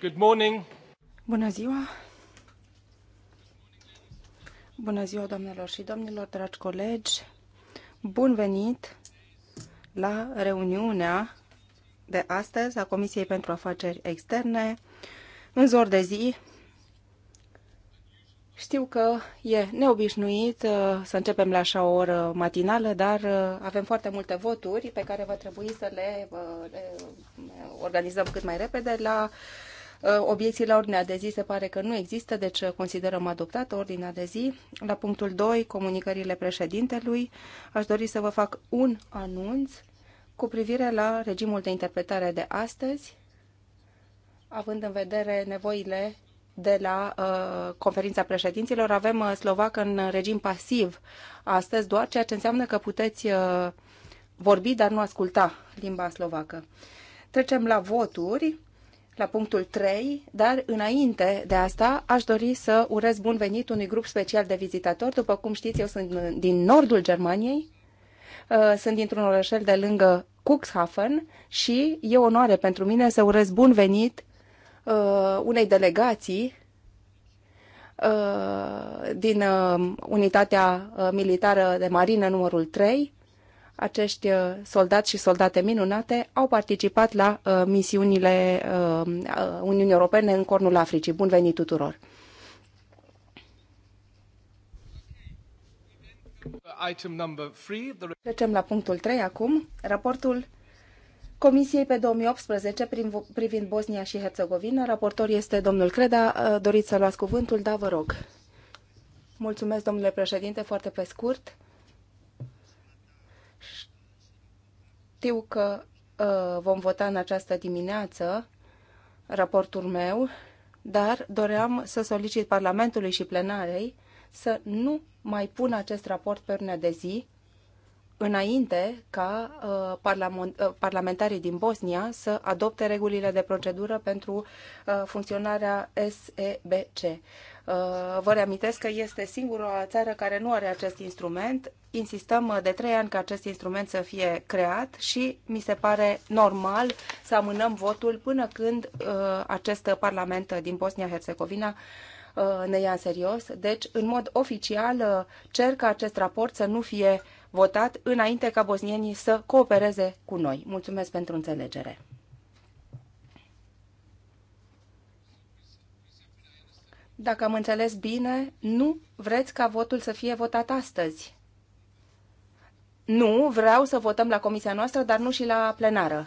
Good morning. Bună ziua. Bună ziua, doamnelor și domnilor, dragi colegi. Bun venit la reuniunea de astăzi a Comisiei pentru Afaceri Externe în zor de zi știu că e neobișnuit uh, să începem la așa o oră matinală, dar uh, avem foarte multe voturi pe care va trebui să le, uh, le organizăm cât mai repede. La Uh, obiecții la ordinea de zi se pare că nu există, deci uh, considerăm adoptată ordinea de zi. La punctul 2, comunicările președintelui, aș dori să vă fac un anunț cu privire la regimul de interpretare de astăzi, având în vedere nevoile de la uh, conferința președinților, avem uh, slovac în regim pasiv astăzi doar, ceea ce înseamnă că puteți uh, vorbi, dar nu asculta limba slovacă. Trecem la voturi la punctul 3, dar înainte de asta aș dori să urez bun venit unui grup special de vizitatori. După cum știți, eu sunt din nordul Germaniei, uh, sunt dintr-un orășel de lângă Cuxhaven și e onoare pentru mine să urez bun venit uh, unei delegații uh, din unitatea militară de marină numărul 3, acești uh, soldați și soldate minunate au participat la uh, misiunile uh, Uniunii Europene în Cornul Africii. Bun venit tuturor! Trecem la punctul 3 acum, raportul Comisiei pe 2018 privind Bosnia și Herțegovina. Raportor este domnul Creda. Doriți să luați cuvântul? Da, vă rog. Mulțumesc, domnule președinte, foarte pe scurt. Știu că uh, vom vota în această dimineață raportul meu, dar doream să solicit Parlamentului și plenarei să nu mai pună acest raport pe urmă de zi înainte ca uh, parlament, uh, parlamentarii din Bosnia să adopte regulile de procedură pentru uh, funcționarea SEBC. Uh, vă reamintesc că este singura țară care nu are acest instrument insistăm uh, de trei ani ca acest instrument să fie creat și mi se pare normal să amânăm votul până când uh, acest Parlament din Bosnia-Herzegovina uh, ne ia în serios. Deci, în mod oficial, cer ca acest raport să nu fie votat înainte ca bosnienii să coopereze cu noi. Mulțumesc pentru înțelegere. Dacă am înțeles bine, nu vreți ca votul să fie votat astăzi. Nu, vreau să votăm la comisia noastră, dar nu și la plenară.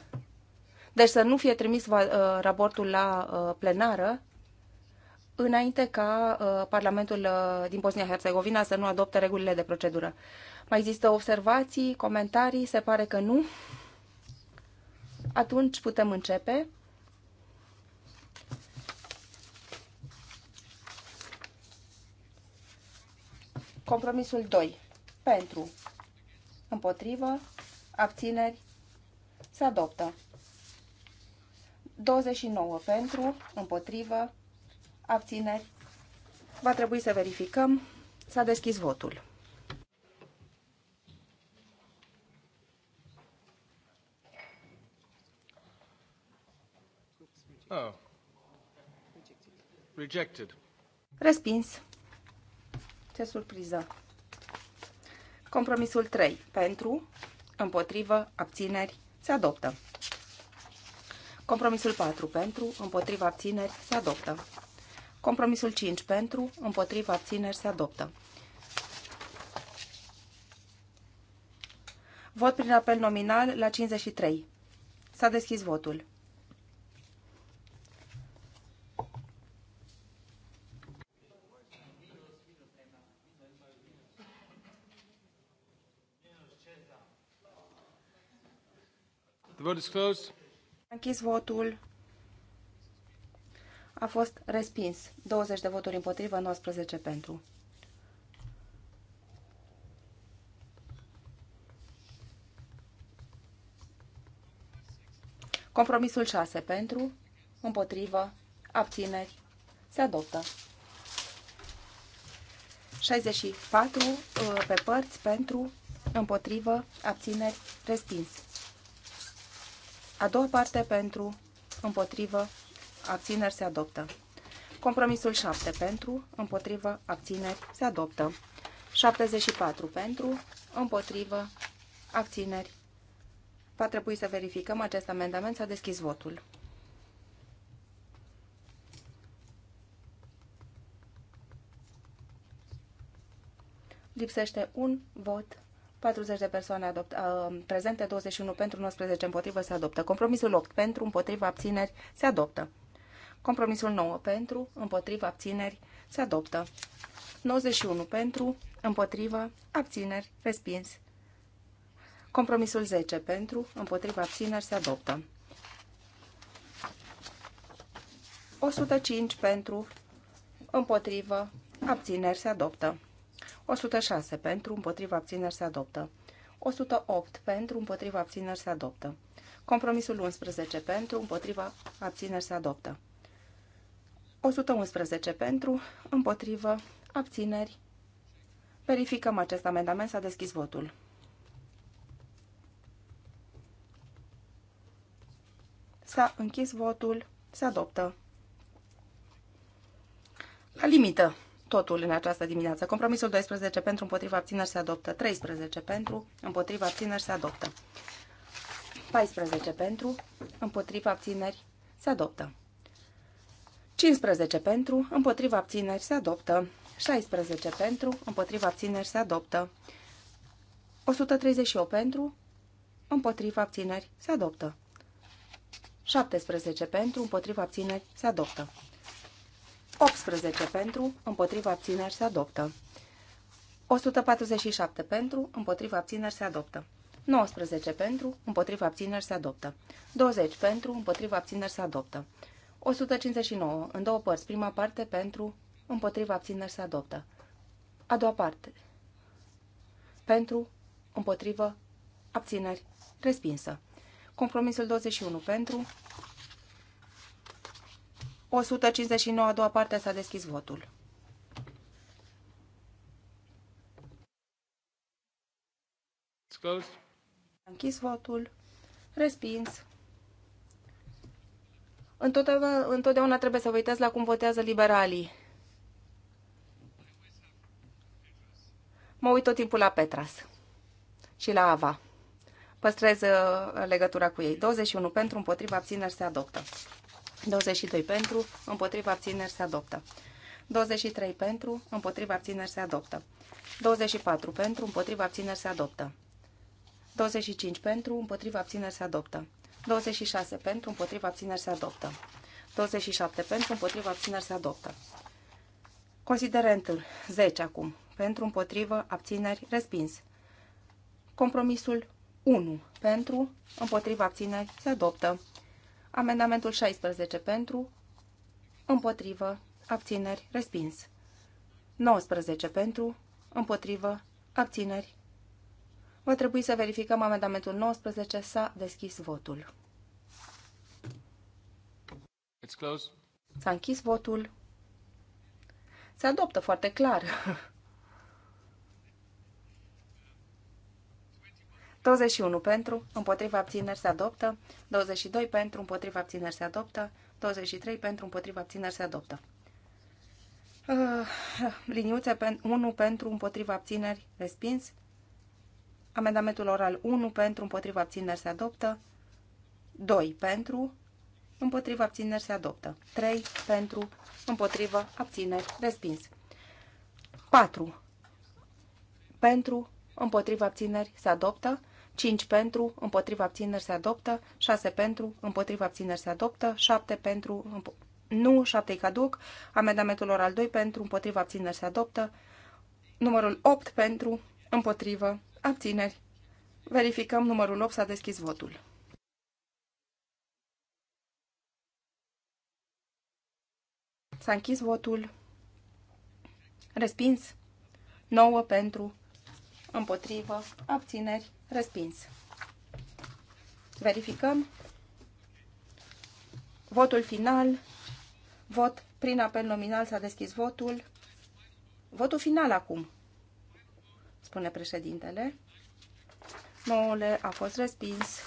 Deci să nu fie trimis uh, raportul la uh, plenară înainte ca uh, Parlamentul din Bosnia-Herzegovina să nu adopte regulile de procedură. Mai există observații, comentarii? Se pare că nu. Atunci putem începe. Compromisul 2. Pentru Împotrivă. Abțineri. Se adoptă. 29 pentru. Împotrivă. Abțineri. Va trebui să verificăm. S-a deschis votul. Oh. Rejected. Respins. Ce surpriză. Compromisul 3. Pentru, împotrivă, abțineri, se adoptă. Compromisul 4. Pentru, împotrivă, abțineri, se adoptă. Compromisul 5. Pentru, împotrivă, abțineri, se adoptă. Vot prin apel nominal la 53. S-a deschis votul. Vote is closed. Închis votul. A fost respins. 20 de voturi împotrivă, 19 pentru. Compromisul 6 pentru, împotrivă, abțineri, se adoptă. 64 uh, pe părți pentru, împotrivă, abțineri, respins. A doua parte pentru, împotrivă, abțineri se adoptă. Compromisul 7 pentru, împotrivă, abțineri se adoptă. 74 pentru, împotrivă, abțineri. Va trebui să verificăm acest amendament. S-a deschis votul. Lipsește un vot 40 de persoane adopt, uh, prezente, 21 pentru, 19 împotrivă, se adoptă. Compromisul 8 pentru, împotrivă, abțineri, se adoptă. Compromisul 9 pentru, împotrivă, abțineri, se adoptă. 91 pentru, împotrivă, abțineri, respins. Compromisul 10 pentru, împotrivă, abțineri, se adoptă. 105 pentru, împotrivă, abțineri, se adoptă. 106 pentru, împotriva abțineri se adoptă. 108 pentru, împotriva abțineri se adoptă. Compromisul 11 pentru, împotriva abțineri se adoptă. 111 pentru, împotriva abțineri. Verificăm acest amendament, s-a deschis votul. S-a închis votul, se adoptă. La limită totul în această dimineață. Compromisul 12 pentru împotriva abțineri se adoptă. 13 pentru împotriva abțineri se adoptă. 14 pentru împotriva abțineri se adoptă. 15 pentru împotriva abțineri se adoptă. 16 pentru împotriva abțineri se adoptă. 138 pentru împotriva abțineri se adoptă. 17 pentru împotriva abțineri se adoptă. 18 pentru, împotriva abțineri se adoptă. 147 pentru, împotriva abțineri se adoptă. 19 pentru, împotriva abțineri se adoptă. 20 pentru, împotriva abțineri se adoptă. 159 în două părți, prima parte pentru, împotriva abțineri se adoptă. A doua parte pentru, împotrivă, abțineri, respinsă. Compromisul 21 pentru, 159, a doua parte, s-a deschis votul. Closed. Închis votul. Respins. Întotdeauna, întotdeauna trebuie să vă uitați la cum votează liberalii. Mă uit tot timpul la Petras și la Ava. Păstrez uh, legătura cu ei. 21 pentru, împotriva, abțineri se adoptă. 22 pentru, împotriva abțineri se adoptă. 23 pentru, împotriva abțineri se adoptă. 24 pentru, împotriva abțineri se adoptă. 25 pentru, împotriva abțineri se adoptă. 26 pentru, împotriva abțineri se adoptă. 27 pentru, împotriva abțineri se adoptă. Considerentul 10 acum. Pentru, împotriva abțineri, respins. Compromisul 1. Pentru, împotriva abțineri, se adoptă. Amendamentul 16 pentru, împotrivă, abțineri, respins. 19 pentru, împotrivă, abțineri. Va trebui să verificăm amendamentul 19, s-a deschis votul. S-a închis votul. Se adoptă foarte clar. 21 pentru, împotriva abțineri se adoptă. 22 pentru, împotriva abțineri se adoptă. 23 pentru, împotriva abțineri se adoptă. Uh, liniuțe 1 pentru, împotriva abțineri, respins. Amendamentul oral 1 pentru, împotriva abțineri se adoptă. 2 pentru, împotriva abțineri se adoptă. 3 pentru, împotriva abțineri, respins. 4 pentru, împotriva abțineri se adoptă. 5 pentru, împotriva abțineri se adoptă, 6 pentru, împotriva abțineri se adoptă, 7 pentru, împ- nu, 7 caduc, amendamentul oral 2 pentru, împotriva abțineri se adoptă, numărul 8 pentru, împotrivă, abțineri. Verificăm numărul 8, s-a deschis votul. S-a închis votul. Respins. 9 pentru, împotrivă, abțineri, respins. Verificăm. Votul final, vot prin apel nominal s-a deschis votul. Votul final acum, spune președintele. Nouăle a fost respins.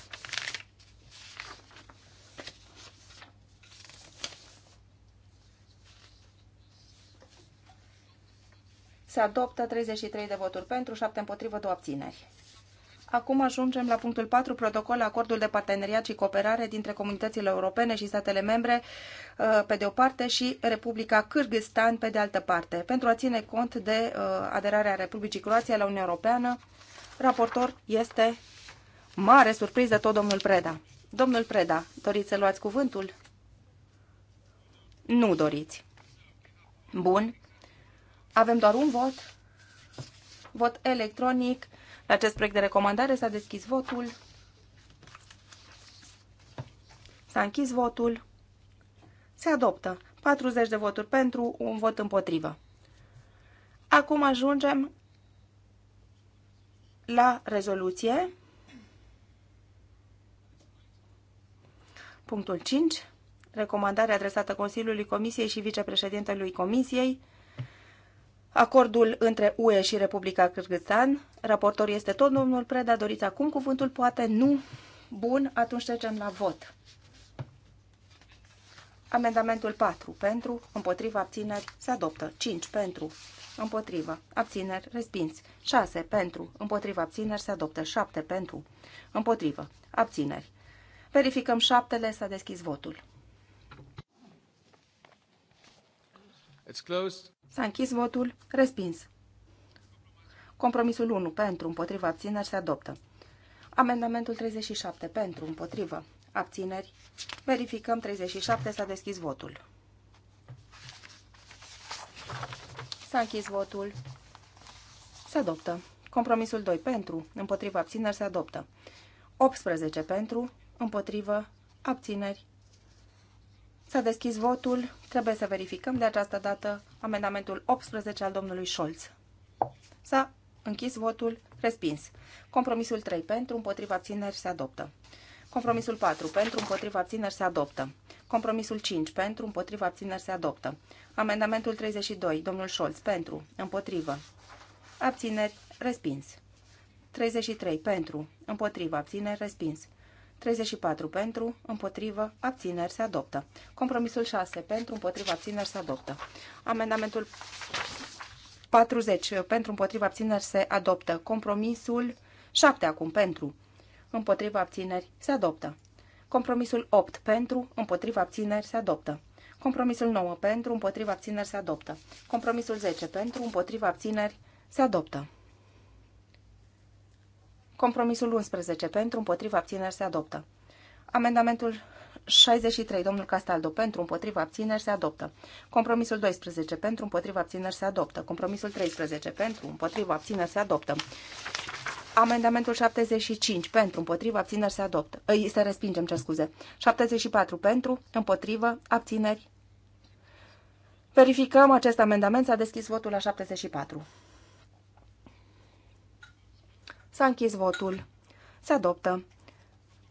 Se adoptă 33 de voturi pentru, 7 împotrivă, 2 abțineri. Acum ajungem la punctul 4, protocol acordul de parteneriat și cooperare dintre comunitățile europene și statele membre, uh, pe de o parte, și Republica Kyrgyzstan, pe de altă parte, pentru a ține cont de uh, aderarea Republicii Croația la Uniunea Europeană. Raportor este mare surpriză tot domnul Preda. Domnul Preda, doriți să luați cuvântul? Nu doriți. Bun. Avem doar un vot. Vot electronic. La acest proiect de recomandare s-a deschis votul. S-a închis votul. Se adoptă. 40 de voturi pentru, un vot împotrivă. Acum ajungem la rezoluție. Punctul 5. Recomandare adresată Consiliului Comisiei și Vicepreședintelui Comisiei acordul între UE și Republica Kyrgyzstan. Raportor este tot domnul Preda. Doriți acum cuvântul? Poate nu. Bun, atunci trecem la vot. Amendamentul 4 pentru, împotriva abțineri, se adoptă. 5 pentru, împotriva abțineri, respins. 6 pentru, împotriva abțineri, se adoptă. 7 pentru, împotriva abțineri. Verificăm șaptele, s-a deschis votul. It's closed. S-a închis votul. Respins. Compromisul 1. Pentru, împotriva, abțineri se adoptă. Amendamentul 37. Pentru, împotriva abțineri. Verificăm 37. S-a deschis votul. S-a închis votul. Se adoptă. Compromisul 2. Pentru, împotriva, abțineri se adoptă. 18. Pentru, împotriva abțineri. S-a deschis votul. Trebuie să verificăm de această dată amendamentul 18 al domnului Scholz. S-a închis votul. Respins. Compromisul 3 pentru, împotriva țineri se adoptă. Compromisul 4 pentru, împotriva țineri se adoptă. Compromisul 5 pentru, împotriva țineri se adoptă. Amendamentul 32, domnul Scholz, pentru, împotrivă. Abțineri, respins. 33 pentru, împotriva abțineri, respins. 34 pentru, împotrivă, abțineri se adoptă. Compromisul 6 pentru, împotrivă, abțineri se adoptă. Amendamentul 40 pentru, împotrivă, abțineri se adoptă. Compromisul 7 acum pentru, împotrivă, abțineri se adoptă. Compromisul 8 pentru, împotrivă, abțineri se adoptă. Compromisul 9 pentru, împotrivă, abțineri se adoptă. Compromisul 10 pentru, împotrivă, abțineri se adoptă. Compromisul 11 pentru, împotriva abțineri se adoptă. Amendamentul 63, domnul Castaldo, pentru, împotriva abțineri se adoptă. Compromisul 12 pentru, împotriva abțineri se adoptă. Compromisul 13 pentru, împotriva abțineri se adoptă. Amendamentul 75 pentru, împotriva, abțineri se adoptă. Îi se respingem, ce scuze. 74 pentru, împotriva, abțineri. Verificăm acest amendament. S-a deschis votul la 74. S-a închis votul. Se adoptă.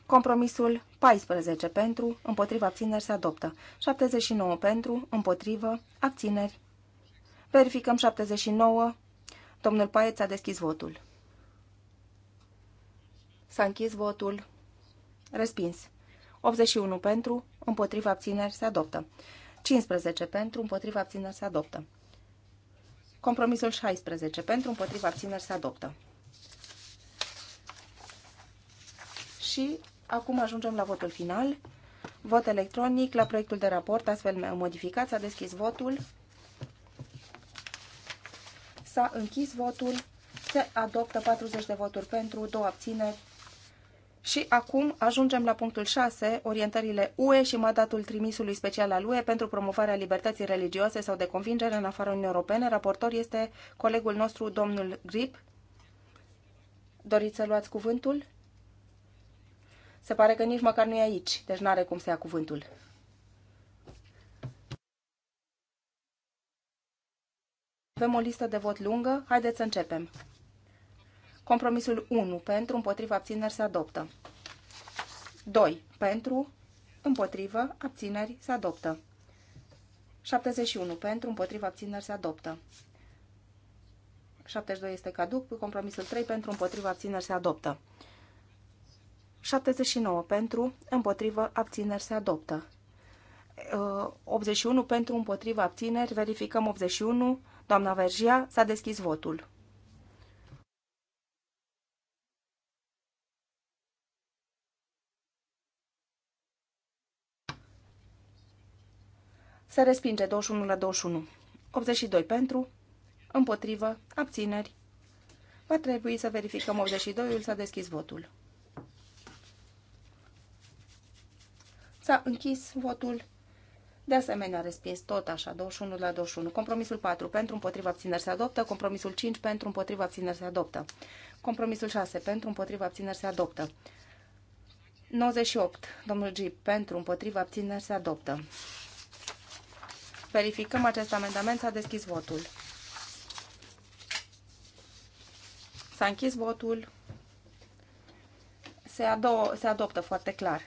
Compromisul 14 pentru, împotriva abțineri se adoptă. 79 pentru, împotrivă, abțineri. Verificăm 79. Domnul Paieț a deschis votul. S-a închis votul. Respins. 81 pentru, împotriva abțineri se adoptă. 15 pentru, împotriva abțineri se adoptă. Compromisul 16 pentru, împotriva abțineri se adoptă. și acum ajungem la votul final. Vot electronic la proiectul de raport, astfel modificat, s-a deschis votul, s-a închis votul, se adoptă 40 de voturi pentru, două abțineri. Și acum ajungem la punctul 6, orientările UE și mandatul trimisului special al UE pentru promovarea libertății religioase sau de convingere în afara Uniunii Europene. Raportor este colegul nostru, domnul Grip. Doriți să luați cuvântul? Se pare că nici măcar nu e aici, deci n-are cum să ia cuvântul. Avem o listă de vot lungă, haideți să începem. Compromisul 1 pentru, împotriva, abțineri se adoptă. 2 pentru, împotrivă, abțineri se adoptă. 71 pentru, împotriva, abțineri se adoptă. 72 este caduc, compromisul 3 pentru, împotriva, abțineri se adoptă. 79 pentru, împotrivă, abțineri se adoptă. 81 uh, pentru, împotrivă, abțineri, verificăm 81, doamna Vergia, s-a deschis votul. Se respinge 21 la 21. 82 pentru, împotrivă, abțineri. Va trebui să verificăm 82-ul, s-a deschis votul. S-a închis votul. De asemenea, respins tot așa, 21 la 21. Compromisul 4 pentru împotriva abțineri se adoptă, compromisul 5 pentru împotriva abțineri se adoptă, compromisul 6 pentru împotriva abțineri se adoptă, 98, domnul G, pentru împotriva abțineri se adoptă. Verificăm acest amendament, s-a deschis votul. S-a închis votul. Se, ado se adoptă foarte clar.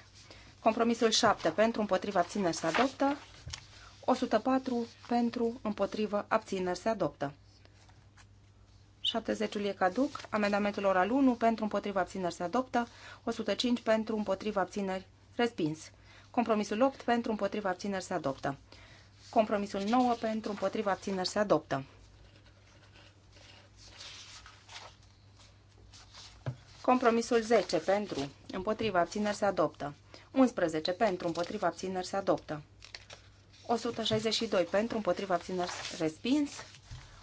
Compromisul 7 pentru împotriva abțineri se adoptă. 104 pentru împotriva abțineri se adoptă. 70-ul e caduc. Amendamentul oral 1 pentru împotriva abțineri se adoptă. 105 pentru împotriva abțineri respins. Compromisul 8 pentru împotriva abțineri se adoptă. Compromisul 9 pentru împotriva abțineri se adoptă. Compromisul 10 pentru împotriva abțineri se adoptă. 11 pentru, împotriva abțineri se adoptă. 162 pentru, împotriva abțineri respins.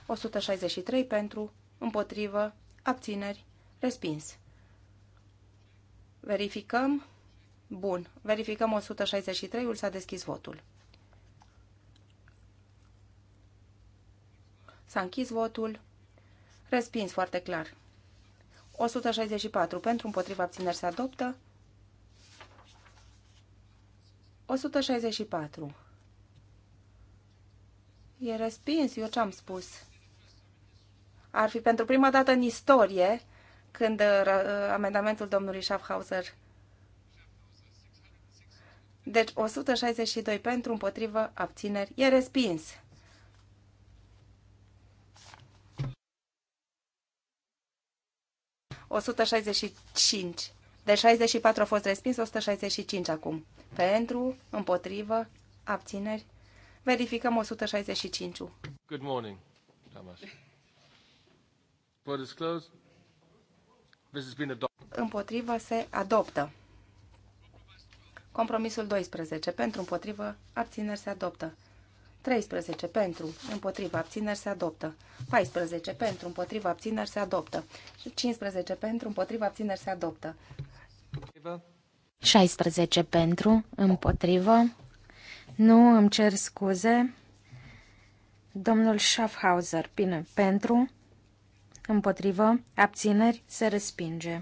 163 pentru, împotrivă, abțineri, respins. Verificăm. Bun. Verificăm 163-ul, s-a deschis votul. S-a închis votul. Respins foarte clar. 164 pentru, împotriva abțineri se adoptă. 164. E respins, eu ce-am spus? Ar fi pentru prima dată în istorie când uh, uh, amendamentul domnului Schaffhauser. Deci 162 pentru, împotrivă, abțineri, e respins. O 165 de 64 a fost respins, 165 acum. Pentru, împotrivă, abțineri. Verificăm 165 -ul. Good morning, Thomas. Vote is closed. This has been adopted. Împotrivă se adoptă. Compromisul 12. Pentru, împotrivă, abțineri se adoptă. 13 pentru, împotrivă, abțineri se adoptă. 14 pentru, împotrivă, abțineri se adoptă. 15 pentru, împotrivă, abțineri se adoptă. 16 pentru, împotrivă. Nu, îmi cer scuze. Domnul Schaffhauser, bine, pentru, împotrivă, abțineri, se respinge.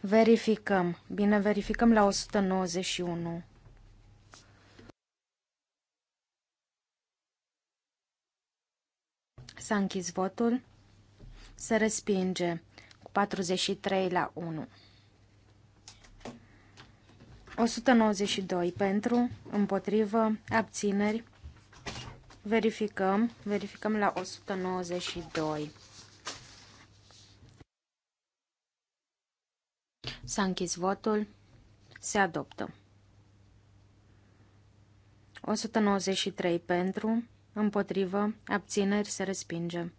Verificăm. Bine, verificăm la 191. S-a închis votul. Se respinge cu 43 la 1. 192 pentru, împotrivă, abțineri. Verificăm, verificăm la 192. S-a închis votul. Se adoptă. 193 pentru, împotrivă, abțineri se respinge.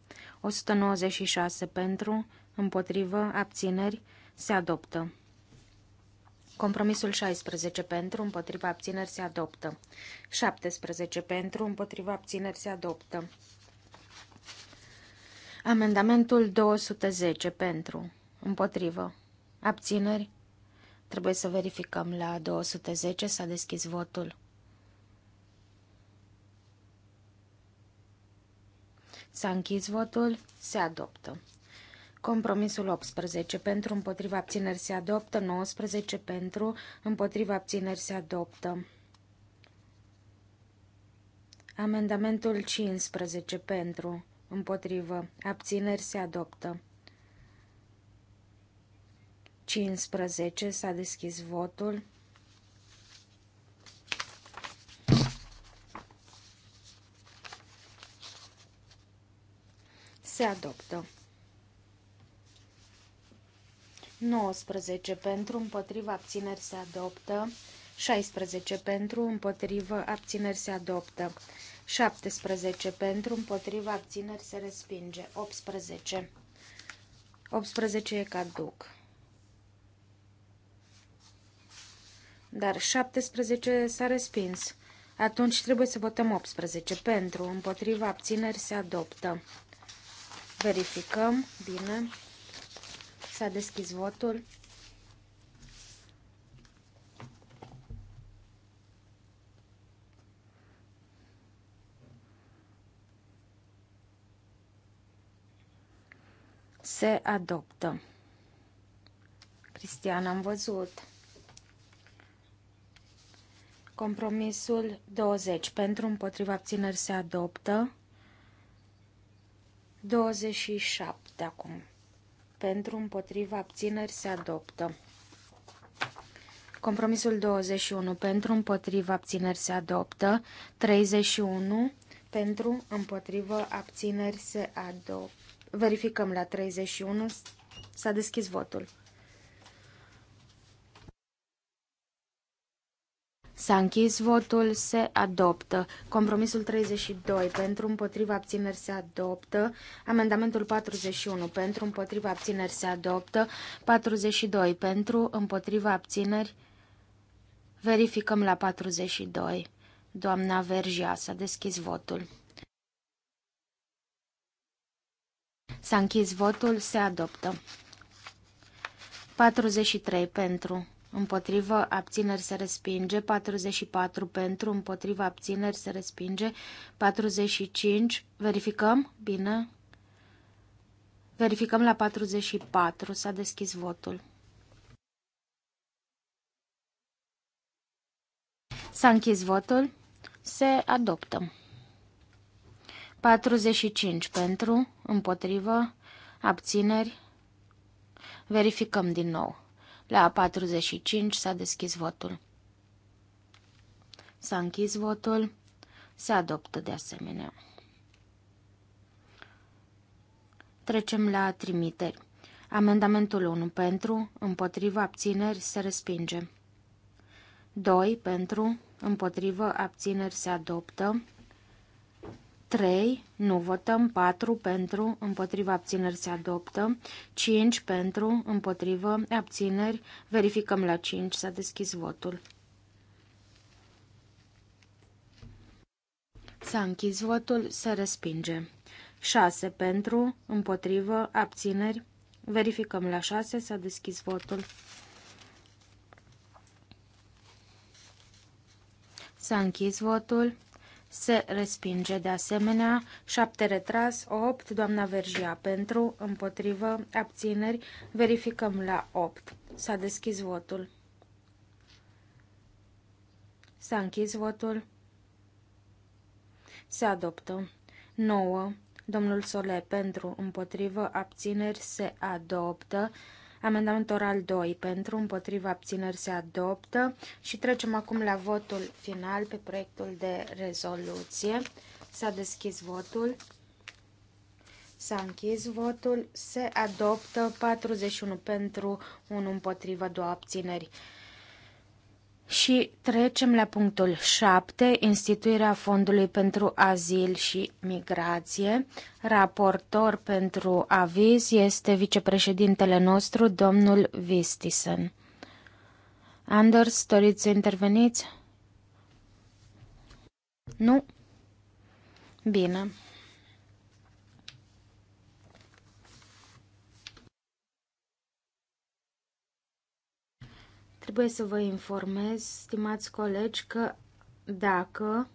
196 pentru, împotrivă, abțineri se adoptă. Compromisul 16 pentru, împotriva abțineri se adoptă. 17 pentru, împotriva abțineri se adoptă. Amendamentul 210 pentru, împotrivă, abțineri. Trebuie să verificăm la 210 s-a deschis votul. S-a închis votul, se adoptă. Compromisul 18 pentru, împotriva abțineri se adoptă, 19 pentru, împotriva abțineri se adoptă. Amendamentul 15 pentru, împotrivă, abțineri se adoptă. 15 s-a deschis votul. se adoptă. 19 pentru, împotriva abțineri se adoptă. 16 pentru, împotriva abțineri se adoptă. 17 pentru, împotriva abțineri se respinge. 18. 18 e caduc. Dar 17 s-a respins. Atunci trebuie să votăm 18 pentru, împotriva abțineri se adoptă. Verificăm. Bine. S-a deschis votul. Se adoptă. Cristian, am văzut. Compromisul 20. Pentru împotriva abțineri se adoptă. 27 acum. Pentru împotriva abțineri se adoptă. Compromisul 21. Pentru împotriva abțineri se adoptă. 31. Pentru împotriva abțineri se adoptă. Verificăm la 31. S-a deschis votul. S-a închis votul, se adoptă. Compromisul 32 pentru împotriva abțineri se adoptă. Amendamentul 41 pentru împotriva abțineri se adoptă. 42 pentru împotriva abțineri. Verificăm la 42. Doamna Vergia s-a deschis votul. S-a închis votul, se adoptă. 43 pentru împotrivă abțineri se respinge, 44 pentru, împotrivă abțineri se respinge, 45, verificăm, bine, verificăm la 44, s-a deschis votul. S-a închis votul, se adoptă. 45 pentru, împotrivă, abțineri, verificăm din nou. La 45 s-a deschis votul. S-a închis votul. Se adoptă de asemenea. Trecem la trimiteri. Amendamentul 1 pentru, împotriva abțineri se respinge. 2 pentru, împotrivă abțineri se adoptă. 3, nu votăm, 4 pentru, împotriva abțineri se adoptă, 5 pentru, împotrivă, abțineri, verificăm la 5, s-a deschis votul. S-a închis votul, se respinge. 6 pentru, împotrivă, abțineri, verificăm la 6, s-a deschis votul. S-a închis votul se respinge de asemenea, 7 retras, 8, doamna Vergia pentru, împotrivă, abțineri, verificăm la 8. S-a deschis votul. S-a închis votul. Se adoptă. 9. Domnul Sole pentru, împotrivă, abțineri, se adoptă. Amendamentul oral 2 pentru, împotriva abțineri se adoptă și trecem acum la votul final pe proiectul de rezoluție. S-a deschis votul. S-a închis votul. Se adoptă 41 pentru, 1 împotriva, 2 abțineri. Și trecem la punctul 7, instituirea Fondului pentru Azil și Migrație. Raportor pentru aviz este vicepreședintele nostru, domnul Vistisen. Anders, doriți să interveniți? Nu? Bine. Trebuie să vă informez, stimați colegi, că dacă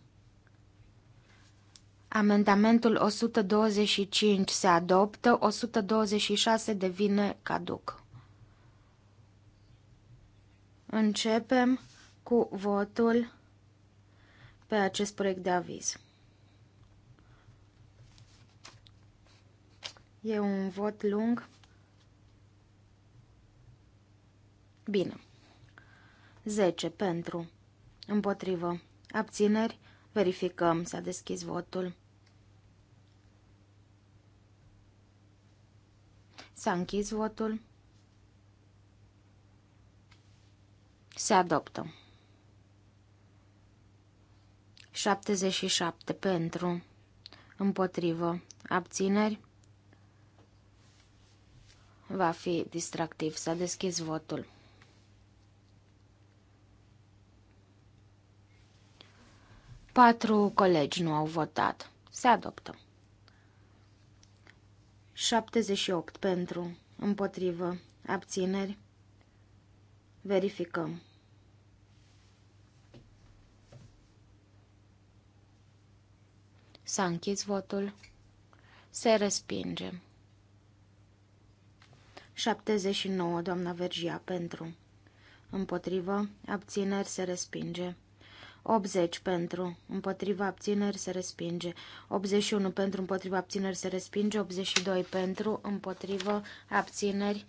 amendamentul 125 se adoptă, 126 devine caduc. Începem cu votul pe acest proiect de aviz. E un vot lung. Bine. 10 pentru. Împotrivă. Abțineri. Verificăm. S-a deschis votul. S-a închis votul. Se adoptă. 77 pentru. Împotrivă. Abțineri. Va fi distractiv. S-a deschis votul. Patru colegi nu au votat. Se adoptă. 78 pentru, împotrivă, abțineri. Verificăm. S-a închis votul. Se respinge. 79, doamna Vergia, pentru. Împotrivă, abțineri se respinge. 80 pentru, împotriva abțineri se respinge. 81 pentru, împotriva abțineri se respinge. 82 pentru, împotriva abțineri.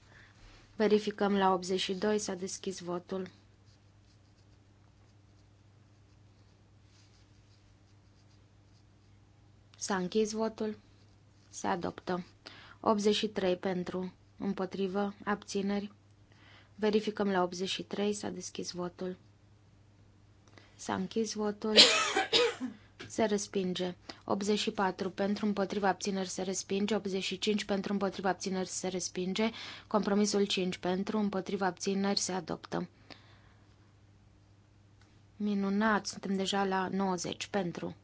Verificăm la 82, s-a deschis votul. S-a închis votul. Se adoptă. 83 pentru, împotrivă, abțineri. Verificăm la 83, s-a deschis votul. S-a închis votul. Se respinge. 84 pentru împotriva abțineri se respinge. 85 pentru împotriva abțineri se respinge. Compromisul 5 pentru împotriva abțineri se adoptă. Minunat, suntem deja la 90 pentru.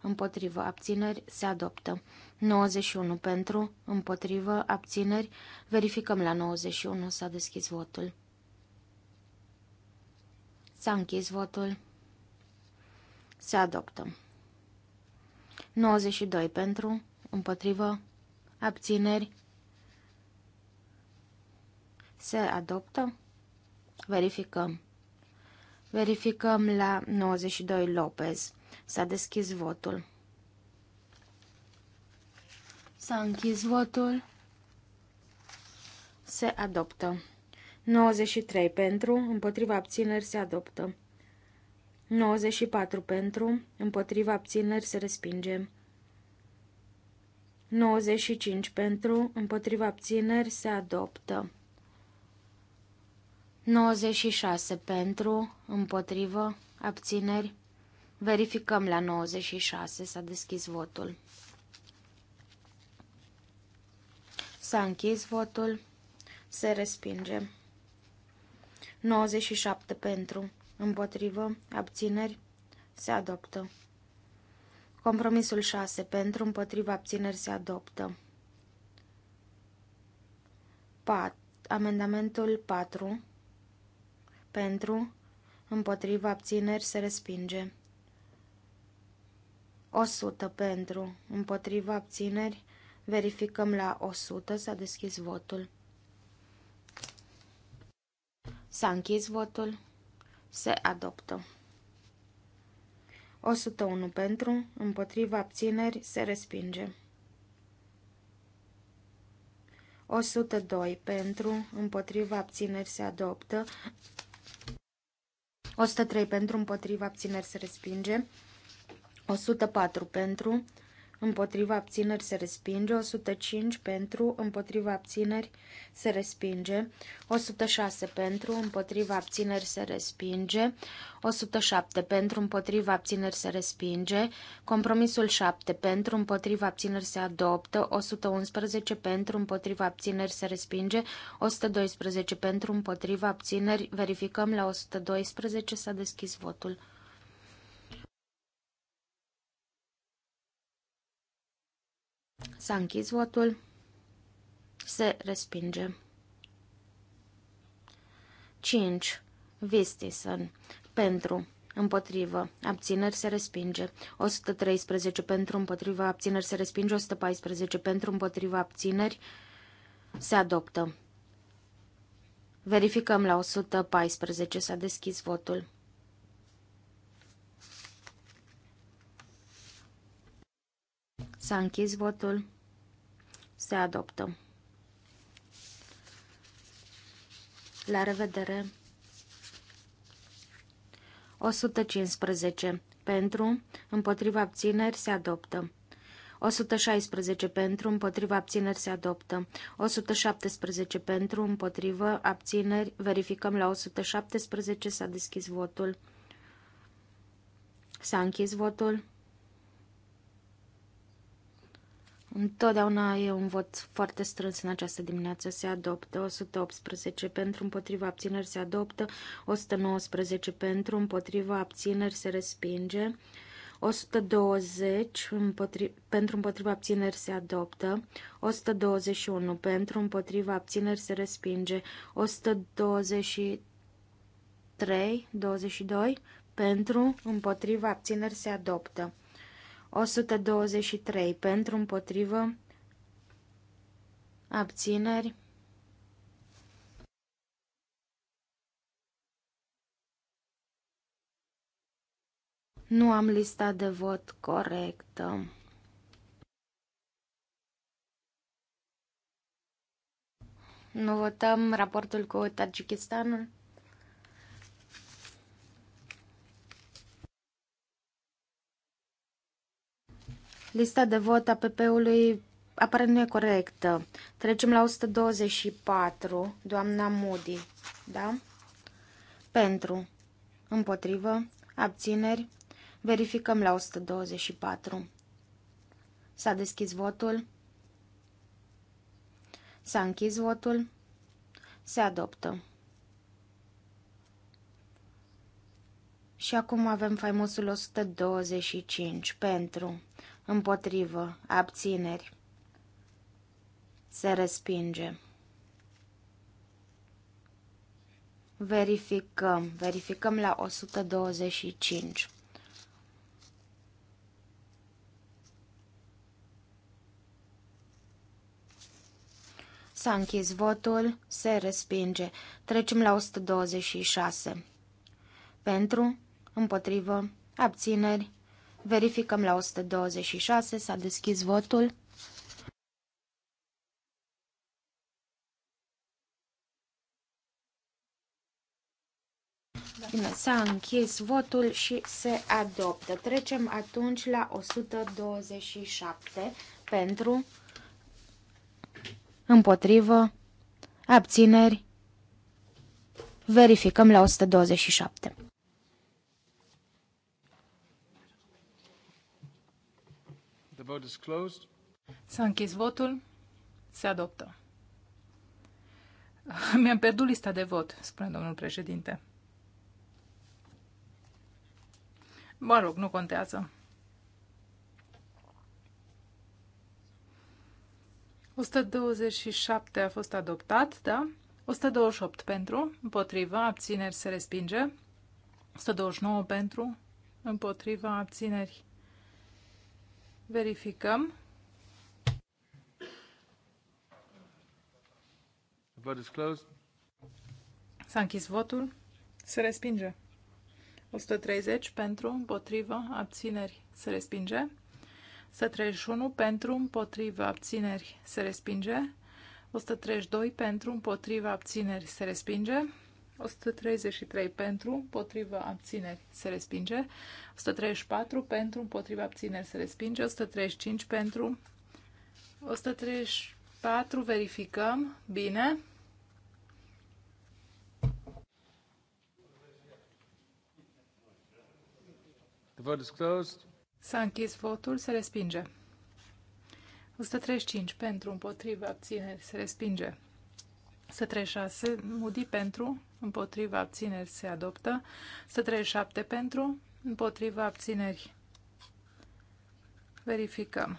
împotriva abțineri, se adoptă. 91 pentru, împotriva abțineri, verificăm la 91, s-a deschis votul. S-a închis votul. Se adoptă. 92 pentru, împotrivă, abțineri. Se adoptă. Verificăm. Verificăm la 92 Lopez. S-a deschis votul. S-a închis votul. Se adoptă. 93 pentru, împotriva abțineri se adoptă. 94 pentru, împotriva abțineri se respinge. 95 pentru, împotriva abțineri se adoptă. 96 pentru, împotrivă, abțineri. Verificăm la 96, s-a deschis votul. S-a închis votul, se respinge. 97 pentru, împotrivă, abțineri, se adoptă. Compromisul 6. Pentru, împotrivă, abțineri, se adoptă. Pat, Amendamentul 4. Pentru, împotrivă, abțineri, se respinge. 100 pentru, împotriva abțineri, verificăm la 100, s-a deschis votul. S-a închis votul. Se adoptă. 101 pentru, împotriva abțineri, se respinge. 102 pentru, împotriva abțineri, se adoptă. 103 pentru, împotriva abțineri, se respinge. 104 pentru, împotriva abțineri se respinge, 105 pentru, împotriva abțineri se respinge, 106 pentru, împotriva abțineri se respinge, 107 pentru, împotriva abțineri se respinge, compromisul 7 pentru, împotriva abțineri se adoptă, 111 pentru, împotriva abțineri se respinge, 112 pentru, împotriva abțineri verificăm la 112 s-a deschis votul. S-a închis votul. Se respinge. 5. Vistison. Pentru. Împotrivă. Abțineri se respinge. 113 pentru împotriva abțineri se respinge. 114 pentru împotriva abțineri se adoptă. Verificăm la 114. S-a deschis votul. S-a închis votul. Se adoptă. La revedere! 115. Pentru, împotriva abțineri, se adoptă. 116 pentru, împotriva abțineri se adoptă. 117 pentru, împotriva abțineri, verificăm la 117, s-a deschis votul. S-a închis votul. Întotdeauna e un vot foarte strâns în această dimineață. Se adoptă 118 pentru, împotriva abțineri se adoptă, 119 pentru, împotriva abțineri se respinge, 120 împotri pentru, împotriva abțineri se adoptă, 121 pentru, împotriva abțineri se respinge, 123, 22 pentru, împotriva abțineri se adoptă. 123 pentru împotrivă, abțineri. Nu am lista de vot corectă. Nu votăm raportul cu Tajikistanul? Lista de vot a PP-ului apare nu e corectă. Trecem la 124, doamna Moody, da? Pentru, împotrivă, abțineri, verificăm la 124. S-a deschis votul. S-a închis votul. Se adoptă. Și acum avem faimosul 125 pentru împotrivă, abțineri, se respinge. Verificăm, verificăm la 125. S-a închis votul, se respinge. Trecem la 126. Pentru, împotrivă, abțineri, Verificăm la 126, s-a deschis votul. Bine, s-a închis votul și se adoptă. Trecem atunci la 127 pentru, împotrivă, abțineri. Verificăm la 127. vote is closed. S-a închis votul. Se adoptă. Mi-am pierdut lista de vot, spune domnul președinte. Mă rog, nu contează. 127 a fost adoptat, da? 128 pentru, împotriva, abțineri se respinge. 129 pentru, împotriva, abțineri Verificăm. Vote is closed. S-a închis votul. Se respinge. 130 pentru, împotrivă, abțineri, se respinge. 131 pentru, împotrivă, abțineri, se respinge. 132 pentru, împotrivă, abțineri, se respinge. 133 pentru, împotrivă abțineri se respinge. 134 pentru, împotrivă abțineri se respinge. 135 pentru, 134 verificăm. Bine. The vote is closed. S-a închis votul, se respinge. 135 pentru, împotrivă abțineri se respinge. 136 mudi pentru, împotriva abțineri se adoptă, 137 pentru, împotriva abțineri verificăm.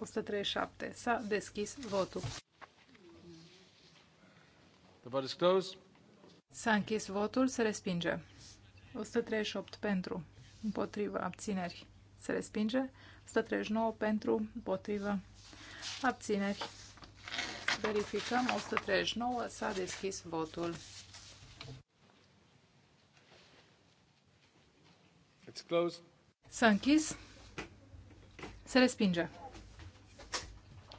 137. S-a deschis votul. The vote is closed. S-a închis votul, se respinge. 138 pentru, împotriva abțineri se respinge. 139 pentru, împotriva abțineri. Verificăm, 139 s-a deschis votul. It's closed. S-a închis. Se respinge.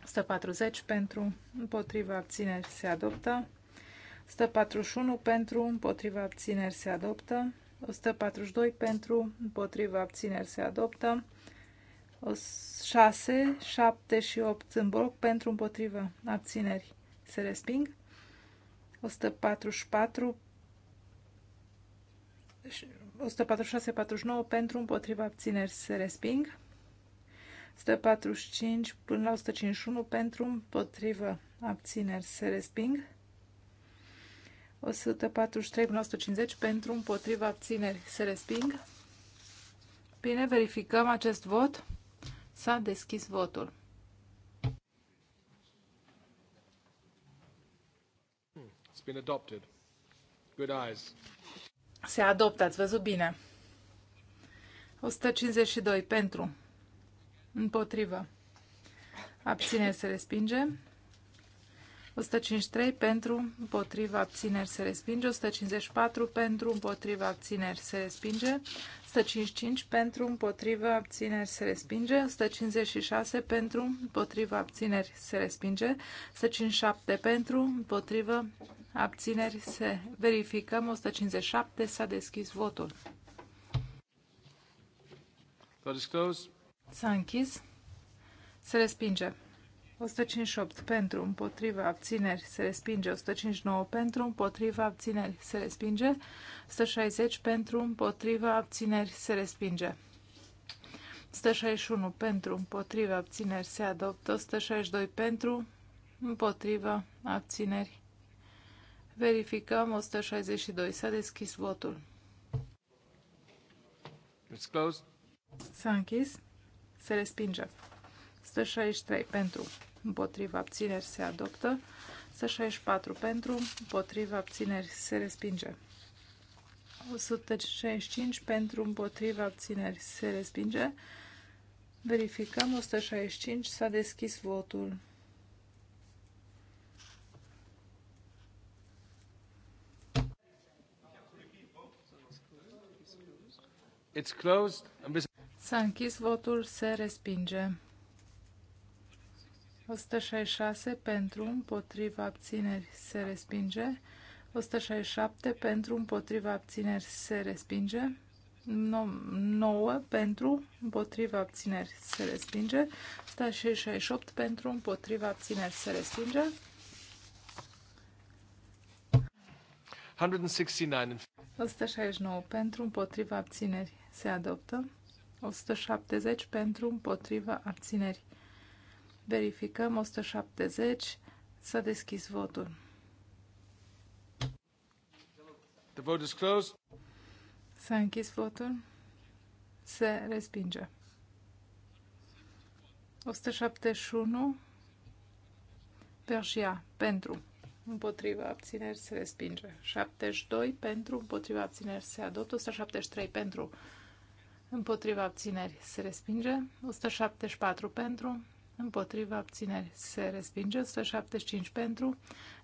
140 pentru, împotriva abțineri se adoptă. 141 pentru, împotriva abțineri se adoptă. 142 pentru, împotriva abțineri se adoptă. 6, 7 și 8 în bloc pentru, împotriva abțineri se resping. 144 146-49 pentru împotriva abțineri se resping. 145 până la 151 pentru împotriva abțineri se resping. 143 până la 150 pentru împotriva abțineri se resping. Bine, verificăm acest vot. S-a deschis votul. Hmm. It's been adopted. Good eyes. Se adoptă, ați văzut bine. 152 pentru. Împotrivă. Abțineri se respinge. 153 pentru, împotriva abțineri se respinge, 154 pentru, împotriva abțineri se respinge, 155 pentru, împotriva abțineri se respinge, 156 pentru, împotriva abțineri se respinge, 157 pentru, împotriva abțineri, se verificăm. 157 s-a deschis votul. S-a închis. Se respinge. 158 pentru, împotriva, abțineri, se respinge. 159 pentru, împotriva, abțineri, se respinge. 160 pentru, împotriva, abțineri, se respinge. 161 pentru, împotriva, abțineri, se adoptă. 162 pentru, împotriva, abțineri, Verificăm 162. S-a deschis votul. It's closed. S-a închis. Se respinge. 163 pentru, împotriva abțineri se adoptă. 164 pentru, împotriva abțineri se respinge. 165 pentru, împotriva abțineri se respinge. Verificăm 165. S-a deschis votul. S-a închis votul, se respinge. 166 pentru, împotriva abțineri, se respinge. 167 pentru, împotriva abțineri, se respinge. 9 pentru, împotriva abțineri, se respinge. 168 pentru, împotriva abțineri, se respinge. 169 pentru, împotriva abțineri, se adoptă. 170 pentru, împotriva, abțineri. Verificăm 170. S-a deschis votul. The vote is closed. S-a închis votul. Se respinge. 171. Persia. Pentru. Împotriva abțineri se respinge. 72 pentru. Împotriva abțineri se adoptă. 173 pentru împotriva abțineri se respinge, 174 pentru, împotriva abțineri se respinge, 175 pentru,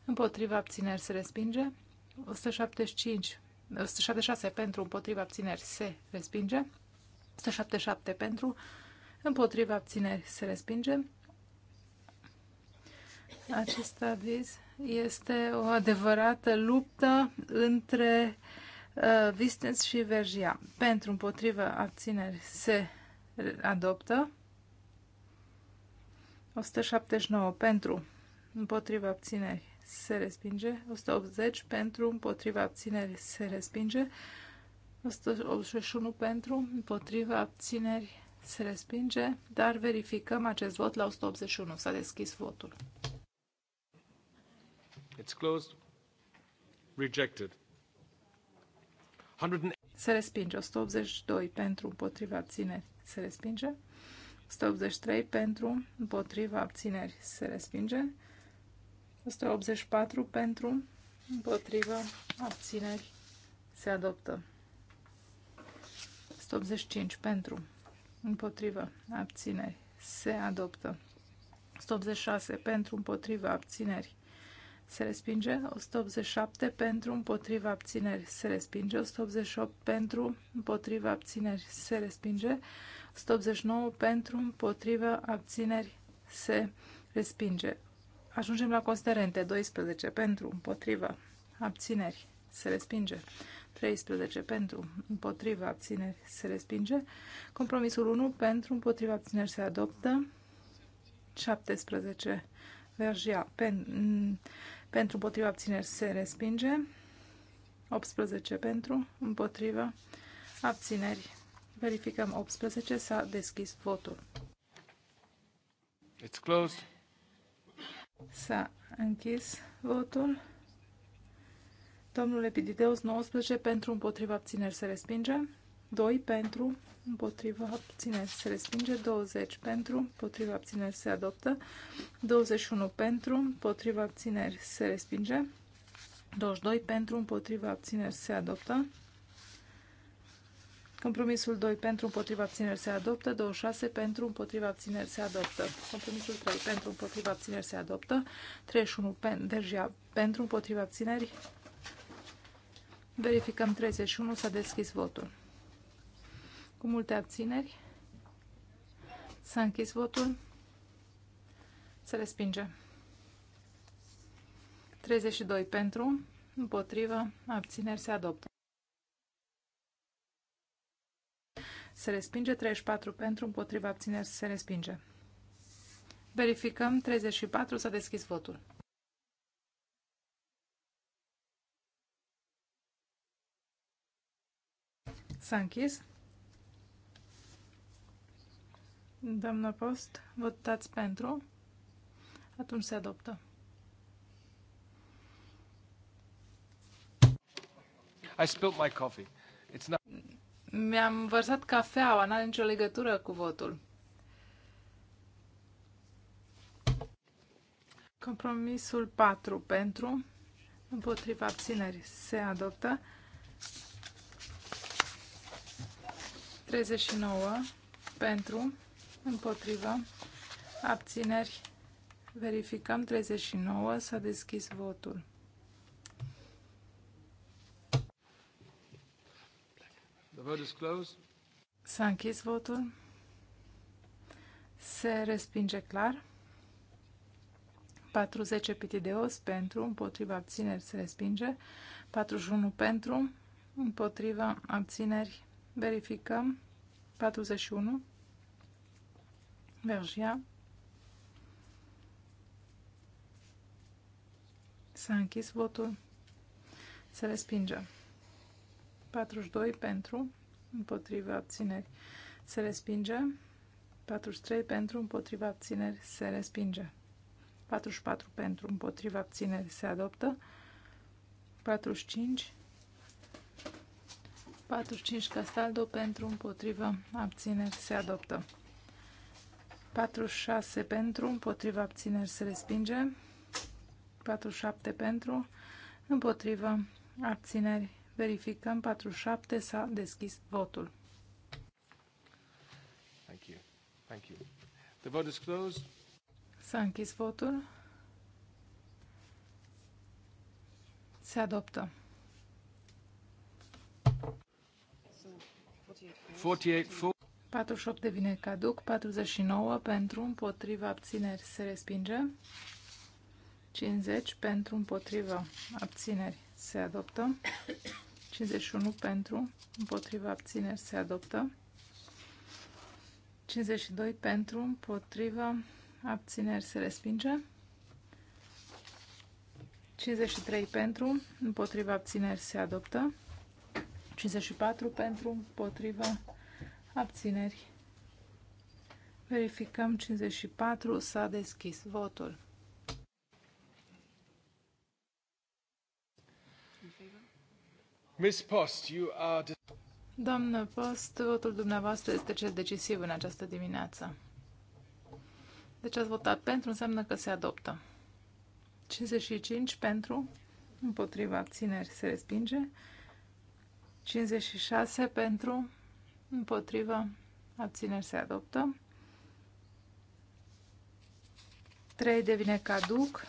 împotriva abțineri se respinge, 175, 176 pentru, împotriva abțineri se respinge, 177 pentru, împotriva abțineri se respinge. Acest aviz este o adevărată luptă între uh, Uh, Vistens și Vergia. Pentru împotrivă abțineri se adoptă. 179 pentru împotriva abțineri se respinge. 180 pentru împotriva abțineri se respinge. 181 pentru împotriva abțineri se respinge. Dar verificăm acest vot la 181. S-a deschis votul. It's closed. Rejected. Se respinge. 182 pentru, împotriva, abțineri. Se respinge. 183 pentru, împotriva, abțineri. Se respinge. 184 pentru, împotriva, abțineri. Se adoptă. 185 pentru, împotriva, abțineri. Se adoptă. 186 pentru, împotriva, abțineri se respinge, 187 pentru, împotriva abțineri se respinge, 188 pentru, împotriva abțineri se respinge, 189 pentru, împotriva abțineri se respinge. Ajungem la considerente, 12 pentru, împotriva abțineri se respinge, 13 pentru, împotriva abțineri se respinge, compromisul 1 pentru, împotriva abțineri se adoptă, 17 Vergia, pen, pentru împotriva abțineri se respinge. 18 pentru împotriva abțineri. Verificăm 18. S-a deschis votul. It's closed. S-a închis votul. Domnul Epidideus, 19 pentru împotriva abțineri se respinge. 2 pentru, împotrivă, abțineri se respinge, 20 pentru, împotrivă, abțineri se adoptă, 21 pentru, împotrivă, abțineri se respinge, 22 pentru, împotrivă, abțineri se adoptă, Compromisul 2 pentru împotriva abțineri se adoptă, 26 pentru împotriva abțineri se adoptă. Compromisul 3 pentru împotriva abțineri se adoptă, 31 pen, deja, pentru împotriva abțineri. Verificăm 31, s-a deschis votul cu multe abțineri. S-a închis votul. Se respinge. 32 pentru, împotrivă, abțineri se adoptă. Se respinge 34 pentru, împotriva abțineri se respinge. Verificăm 34, s-a deschis votul. S-a închis. Doamna Post, votați pentru. Atunci se adoptă. I spilled my coffee. It's not... Mi-am vărsat cafeaua, n-are nicio legătură cu votul. Compromisul 4 pentru, împotriva abțineri se adoptă. 39 pentru, împotriva, abțineri, verificăm 39, s-a deschis votul. The vote is closed. S-a închis votul. Se respinge clar. 40 pitideos pentru, împotriva abțineri se respinge. 41 pentru, împotriva abțineri verificăm. 41. Vergia. S-a închis votul. Se respinge. 42 pentru, împotriva abțineri. Se respinge. 43 pentru, împotriva abțineri. Se respinge. 44 pentru, împotriva abțineri. Se adoptă. 45 45 Castaldo pentru împotriva abțineri se adoptă. 46 pentru, împotriva abțineri se respinge. 47 pentru, împotriva abțineri. Verificăm 47 s-a deschis votul. Thank you. Thank you. The vote is closed. S-a închis votul. Se adoptă. 48 for 48 devine caduc, 49 pentru, împotriva, abțineri, se respinge. 50 pentru, împotriva, abțineri, se adoptă. 51 pentru, împotriva, abțineri, se adoptă. 52 pentru, împotriva, abțineri, se respinge. 53 pentru, împotriva, abțineri, se adoptă. 54 pentru, împotriva, abțineri, abțineri. Verificăm 54, s-a deschis votul. Miss Post, you are... Doamnă Post, votul dumneavoastră este cel decisiv în această dimineață. Deci ați votat pentru, înseamnă că se adoptă. 55 pentru, împotriva abțineri se respinge. 56 pentru, Împotrivă. Abțineri se adoptă. 3 devine caduc.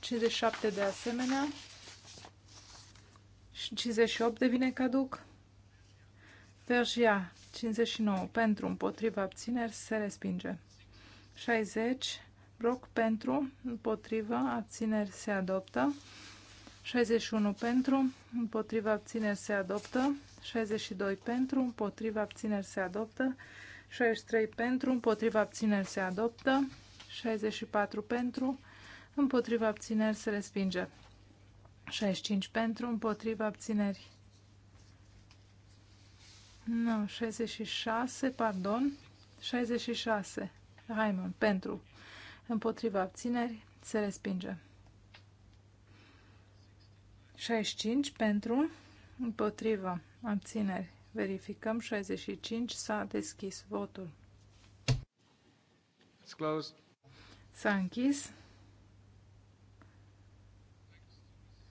57 de asemenea. Și 58 devine caduc. Vergia deci, 59 pentru împotriva abțineri se respinge. 60 Broc pentru împotriva abțineri se adoptă. 61 pentru împotriva abțineri se adoptă. 62 pentru, împotriva abțineri se adoptă. 63 pentru, împotriva abțineri se adoptă. 64 pentru, împotriva abțineri se respinge. 65 pentru, împotriva abțineri. Nu, 66, pardon. 66. Raimon, pentru. Împotriva abțineri se respinge. 65 pentru, împotriva abțineri. Verificăm 65, s-a deschis votul. S-a închis.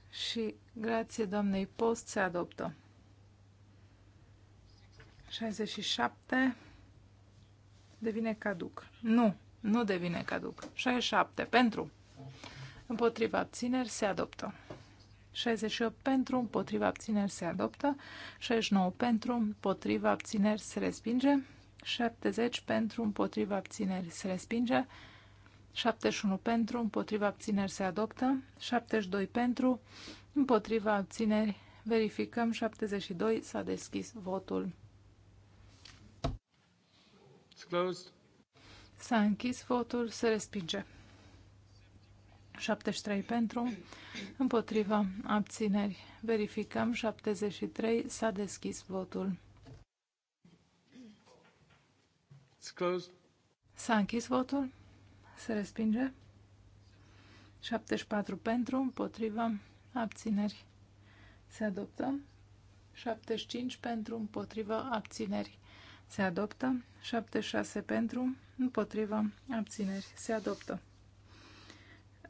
Și grație doamnei Post se adoptă. 67 devine caduc. Nu, nu devine caduc. 67 pentru. Împotriva abțineri se adoptă. 68 pentru, împotriva abțineri se adoptă, 69 pentru, împotriva abțineri se respinge, 70 pentru, împotriva abțineri se respinge, 71 pentru, împotriva abțineri se adoptă, 72 pentru, împotriva abțineri verificăm, 72 s-a deschis votul. S-a închis votul, se respinge. 73 pentru, împotriva abțineri. Verificăm 73. S-a deschis votul. S-a închis votul. Se respinge. 74 pentru, împotriva abțineri. Se adoptă. 75 pentru, împotriva abțineri. Se adoptă. 76 pentru, împotriva abțineri. Se adoptă.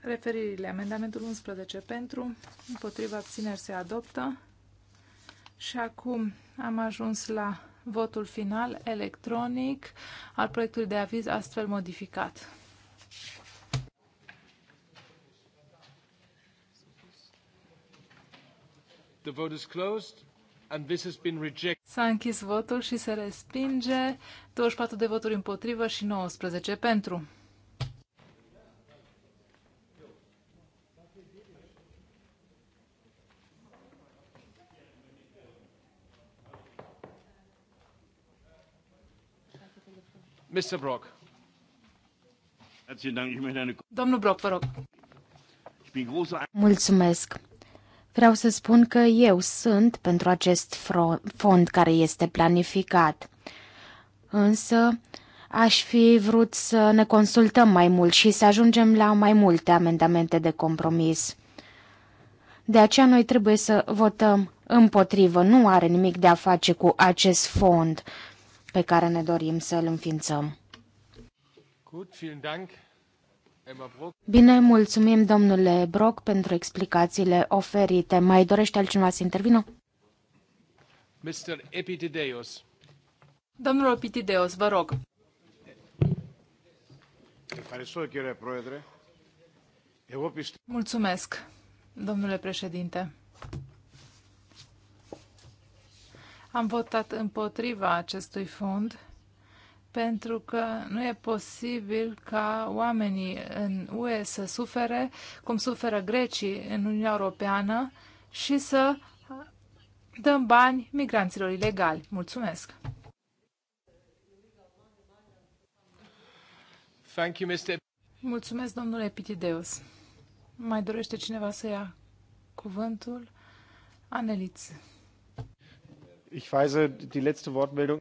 Referirile. Amendamentul 11 pentru, împotriva abțineri se adoptă. Și acum am ajuns la votul final electronic al proiectului de aviz astfel modificat. The vote is closed. S-a închis votul și se respinge 24 de voturi împotrivă și 19 pentru. Mr. Brock. Domnul Brock, vă rog. Mulțumesc. Vreau să spun că eu sunt pentru acest fond care este planificat. Însă aș fi vrut să ne consultăm mai mult și să ajungem la mai multe amendamente de compromis. De aceea noi trebuie să votăm împotrivă. Nu are nimic de a face cu acest fond pe care ne dorim să îl înființăm. Bine, mulțumim domnule Brock pentru explicațiile oferite. Mai dorește altcineva să intervină? Domnul Epitideos, vă rog. Mulțumesc, domnule președinte. Am votat împotriva acestui fond pentru că nu e posibil ca oamenii în UE să sufere cum suferă grecii în Uniunea Europeană și să dăm bani migranților ilegali. Mulțumesc! Thank you, Mr. Mulțumesc, domnule Pitideus. Mai dorește cineva să ia cuvântul? Aneliță. Ich weise die letzte Wortmeldung.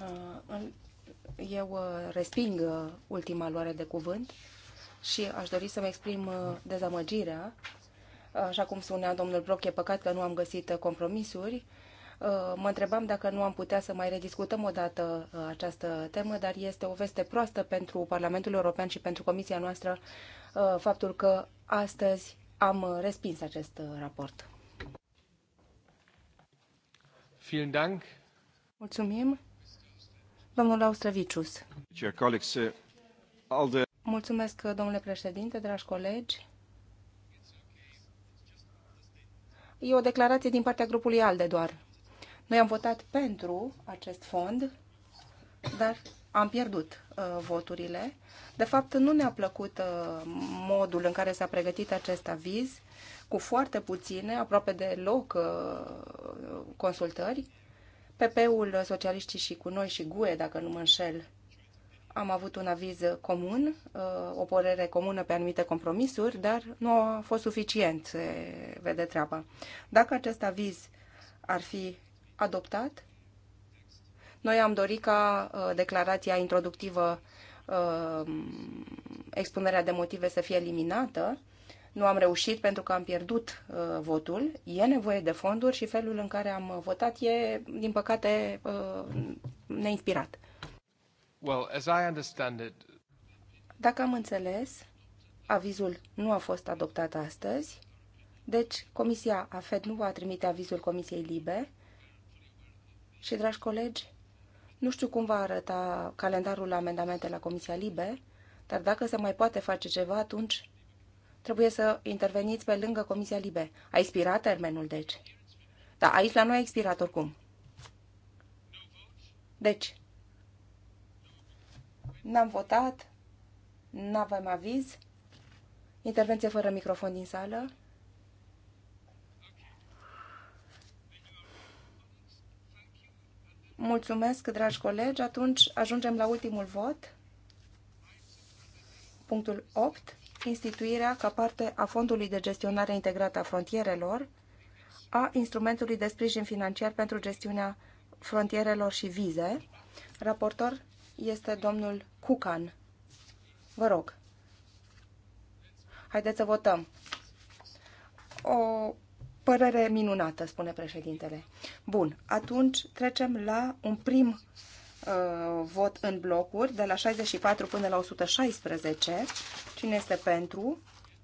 Uh, eu uh, resping uh, ultima luare de cuvânt și aș dori să-mi exprim dezamăgirea. Așa cum spunea domnul Bloc, e păcat că nu am găsit compromisuri. Mă întrebam dacă nu am putea să mai rediscutăm o dată această temă, dar este o veste proastă pentru Parlamentul European și pentru Comisia noastră faptul că astăzi am respins acest raport. Vielen Dank. Mulțumim. Domnul Austrăvicius. Uh, Mulțumesc, uh, domnule președinte, dragi colegi. E o declarație din partea grupului ALDE doar. Noi am votat pentru acest fond, dar am pierdut uh, voturile. De fapt, nu ne-a plăcut uh, modul în care s-a pregătit acest aviz cu foarte puține, aproape de loc, uh, consultări. PP-ul Socialiștii și cu noi și GUE, dacă nu mă înșel, am avut un aviz comun, uh, o părere comună pe anumite compromisuri, dar nu a fost suficient, se vede treaba. Dacă acest aviz ar fi adoptat, noi am dorit ca uh, declarația introductivă, expunerea de motive să fie eliminată, nu am reușit pentru că am pierdut uh, votul, e nevoie de fonduri și felul în care am uh, votat e, din păcate, uh, neinspirat. Well, as I understand it... Dacă am înțeles, avizul nu a fost adoptat astăzi, deci Comisia AFED nu va trimite avizul Comisiei Libe și, dragi colegi, nu știu cum va arăta calendarul la amendamente la Comisia Libe, dar dacă se mai poate face ceva, atunci trebuie să interveniți pe lângă Comisia Libe. A expirat termenul, deci. Da, aici la noi a expirat oricum. Deci, n-am votat, n-avem aviz, intervenție fără microfon din sală. Mulțumesc, dragi colegi. Atunci ajungem la ultimul vot. Punctul 8 instituirea ca parte a Fondului de Gestionare Integrată a Frontierelor, a Instrumentului de Sprijin Financiar pentru Gestiunea Frontierelor și Vize. Raportor este domnul Cucan. Vă rog. Haideți să votăm. O părere minunată, spune președintele. Bun, atunci trecem la un prim uh, vot în blocuri, de la 64 până la 116. Cine este pentru,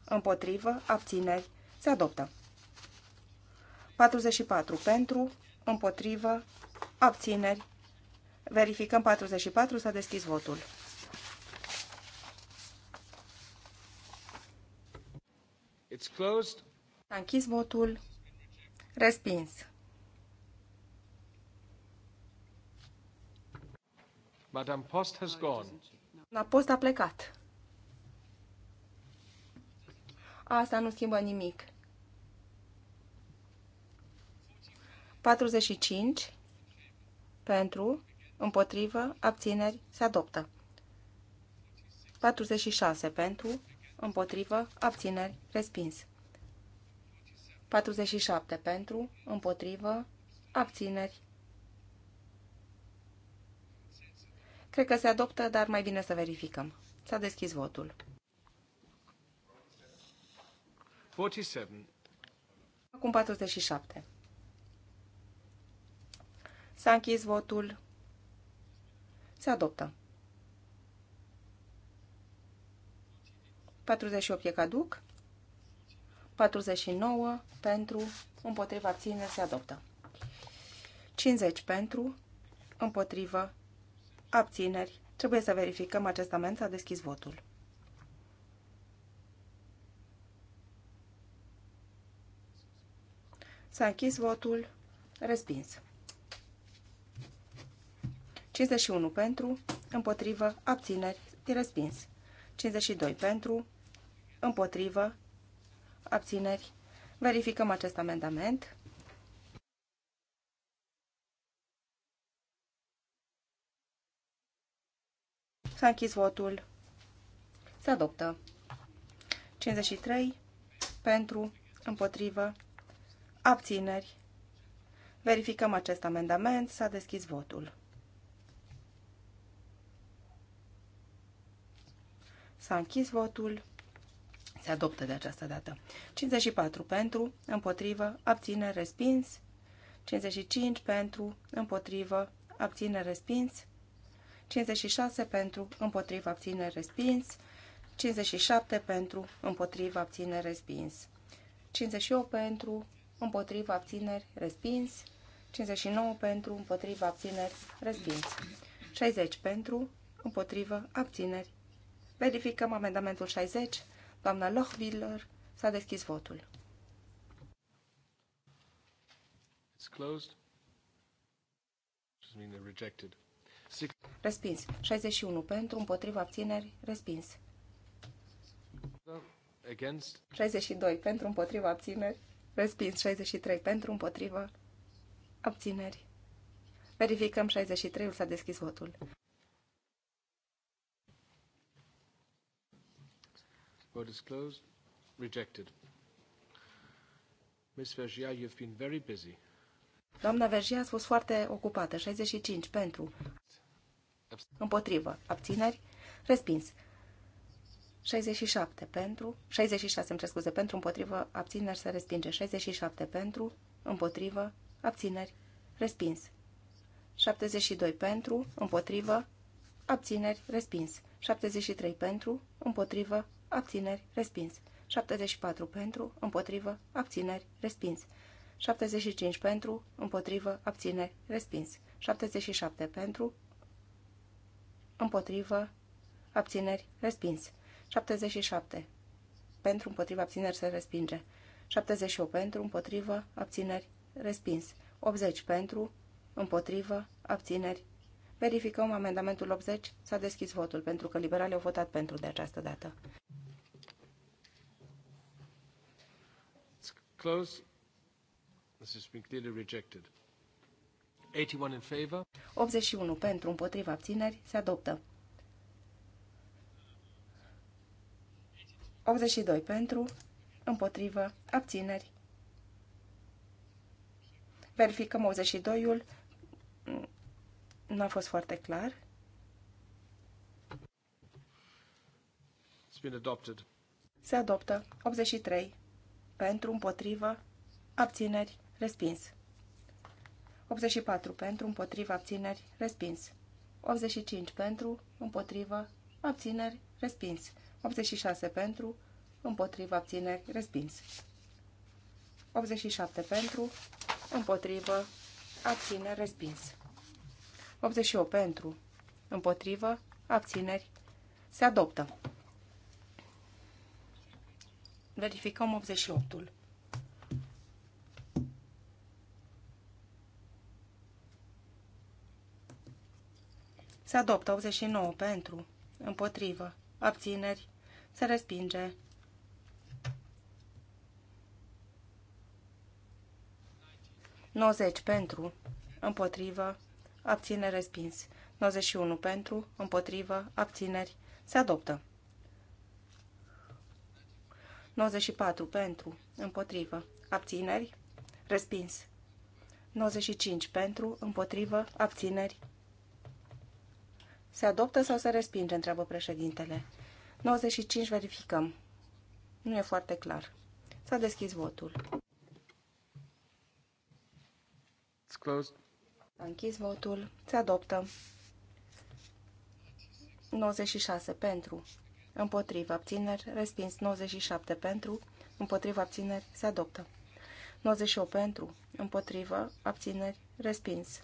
împotrivă, abțineri, se adoptă. 44 pentru, împotrivă, abțineri. Verificăm 44, s-a deschis votul. It's closed. S-a închis votul. Respins. Madame Post has gone. La Post a plecat. Asta nu schimbă nimic. 45 pentru, împotrivă, abțineri, se adoptă. 46 pentru, împotrivă, abțineri, respins. 47 pentru, împotrivă, abțineri, Cred că se adoptă, dar mai bine să verificăm. S-a deschis votul. 47. Acum 47. S-a închis votul. Se adoptă. 48 e caduc. 49 pentru, împotriva abțineri se adoptă. 50 pentru, împotrivă abțineri. Trebuie să verificăm acest amend. S-a deschis votul. S-a închis votul. Respins. 51 pentru, împotrivă, abțineri, respins. 52 pentru, împotrivă, abțineri. Verificăm acest amendament. S-a închis votul. Se adoptă. 53 pentru, împotrivă, abțineri. Verificăm acest amendament. S-a deschis votul. S-a închis votul. Se adoptă de această dată. 54 pentru, împotrivă, abțineri, respins. 55 pentru, împotrivă, abțineri, respins. 56 pentru, împotriva abține respins, 57 pentru, împotriva abține respins, 58 pentru, împotriva abțineri respins, 59 pentru, împotriva abțineri respins, 60 pentru, împotriva abțineri. Verificăm amendamentul 60. Doamna Lochwiller s-a deschis votul. It's closed. Just mean they're rejected. Respins. 61 pentru, împotriva abțineri, respins. 62 pentru, împotriva abțineri, respins. 63 pentru, împotriva abțineri. Verificăm 63-ul, s-a deschis votul. Vote is closed. Rejected. Miss Vergia, you've been very busy. Doamna Vergia a fost foarte ocupată. 65 pentru. Împotrivă. Abțineri. Respins. 67 pentru, 66, îmi scuze, pentru, împotrivă, abțineri, se respinge. 67 pentru, împotrivă, abțineri, respins. 72 pentru, împotrivă, abțineri, respins. 73 pentru, împotrivă, abțineri, respins. 74 pentru, împotrivă, abțineri, respins. 75 pentru, împotrivă, abțineri, respins. 77 pentru, împotrivă, abțineri, respins. 77. Pentru, împotrivă, abțineri, se respinge. 78 pentru, împotrivă, abțineri, respins. 80 pentru, împotrivă, abțineri. Verificăm amendamentul 80. S-a deschis votul, pentru că liberalii au votat pentru de această dată. close. This has been clearly rejected. 81 in favor. 81 pentru, împotriva abțineri, se adoptă. 82 pentru, împotriva abțineri. Verificăm 82-ul. Nu a fost foarte clar. It's been adopted. Se adoptă. 83. Pentru, împotriva abțineri, respins. 84 pentru, împotrivă, abțineri, respins. 85 pentru, împotrivă, abțineri, respins. 86 pentru, împotrivă, abțineri, respins. 87 pentru, împotrivă, abțineri, respins. 88 pentru, împotrivă, abțineri, se adoptă. Verificăm 88-ul. Se adoptă 89 pentru, împotrivă, abțineri, se respinge. Nozeci pentru, împotrivă, abțineri respins. 91 pentru, împotrivă, abțineri, se adoptă. 94 pentru, împotrivă, abțineri, respins. 95 pentru, împotrivă, abțineri, se adoptă sau se respinge? Întreabă președintele. 95 verificăm. Nu e foarte clar. S-a deschis votul. It's closed. S-a închis votul. Se adoptă. 96 pentru. Împotrivă abțineri. Respins. 97 pentru. Împotrivă abțineri. Se adoptă. 98 pentru. Împotrivă abțineri. Respins.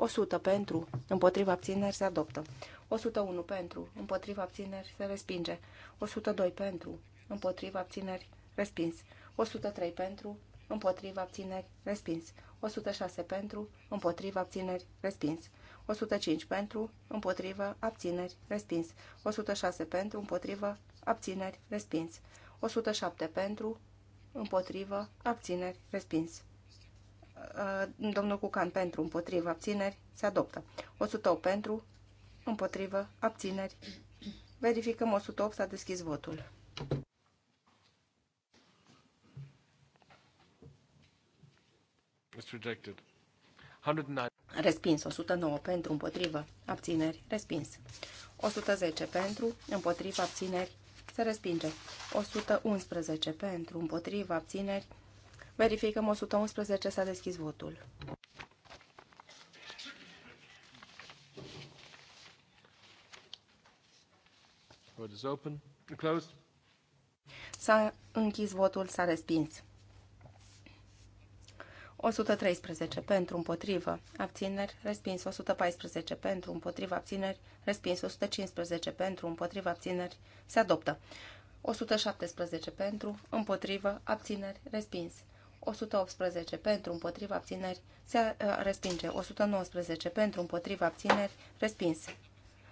100 pentru, împotriva abțineri se adoptă. 101 pentru, împotriva abțineri se respinge. 102 pentru, împotriva abțineri respins. 103 pentru, împotriva abțineri respins. 106 pentru, împotriva abțineri respins. 105 pentru, împotriva abțineri respins. 106 pentru, împotriva abțineri respins. 107 pentru, împotriva abțineri respins. Uh, domnul Cucan pentru, împotrivă, abțineri, se adoptă. 108 pentru, împotrivă, abțineri. Verificăm 108, s-a deschis votul. It's rejected. 109. Respins. 109 pentru, împotrivă, abțineri, respins. 110 pentru, împotrivă, abțineri, se respinge. 111 pentru, împotrivă, abțineri, Verificăm 111, s-a deschis votul. S-a închis votul, s-a respins. 113 pentru împotrivă, abțineri, respins 114 pentru împotrivă, abțineri, respins 115 pentru împotrivă, abțineri, se adoptă. 117 pentru, împotrivă, abțineri, respins. 118 pentru împotriva abțineri se respinge. 119 pentru împotriva abțineri respins.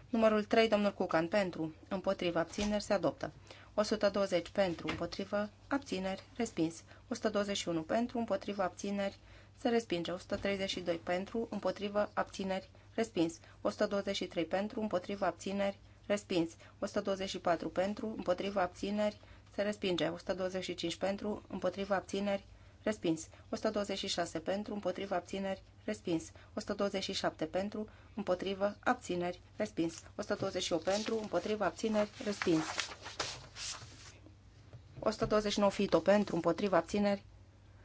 Numărul 3, domnul Cucan, pentru împotriva abțineri se adoptă. 120 pentru împotriva abțineri respins. 121 pentru împotriva abțineri se respinge. 132 pentru împotriva abțineri respins. 123 pentru împotriva abțineri respins. 124 pentru împotriva abțineri se respinge. 125 pentru împotriva abțineri respins. 126 pentru, împotrivă, abțineri, respins. 127 pentru, împotrivă, abțineri, respins. 128 pentru, împotrivă, abțineri, respins. 129 fito pentru, împotrivă, abțineri,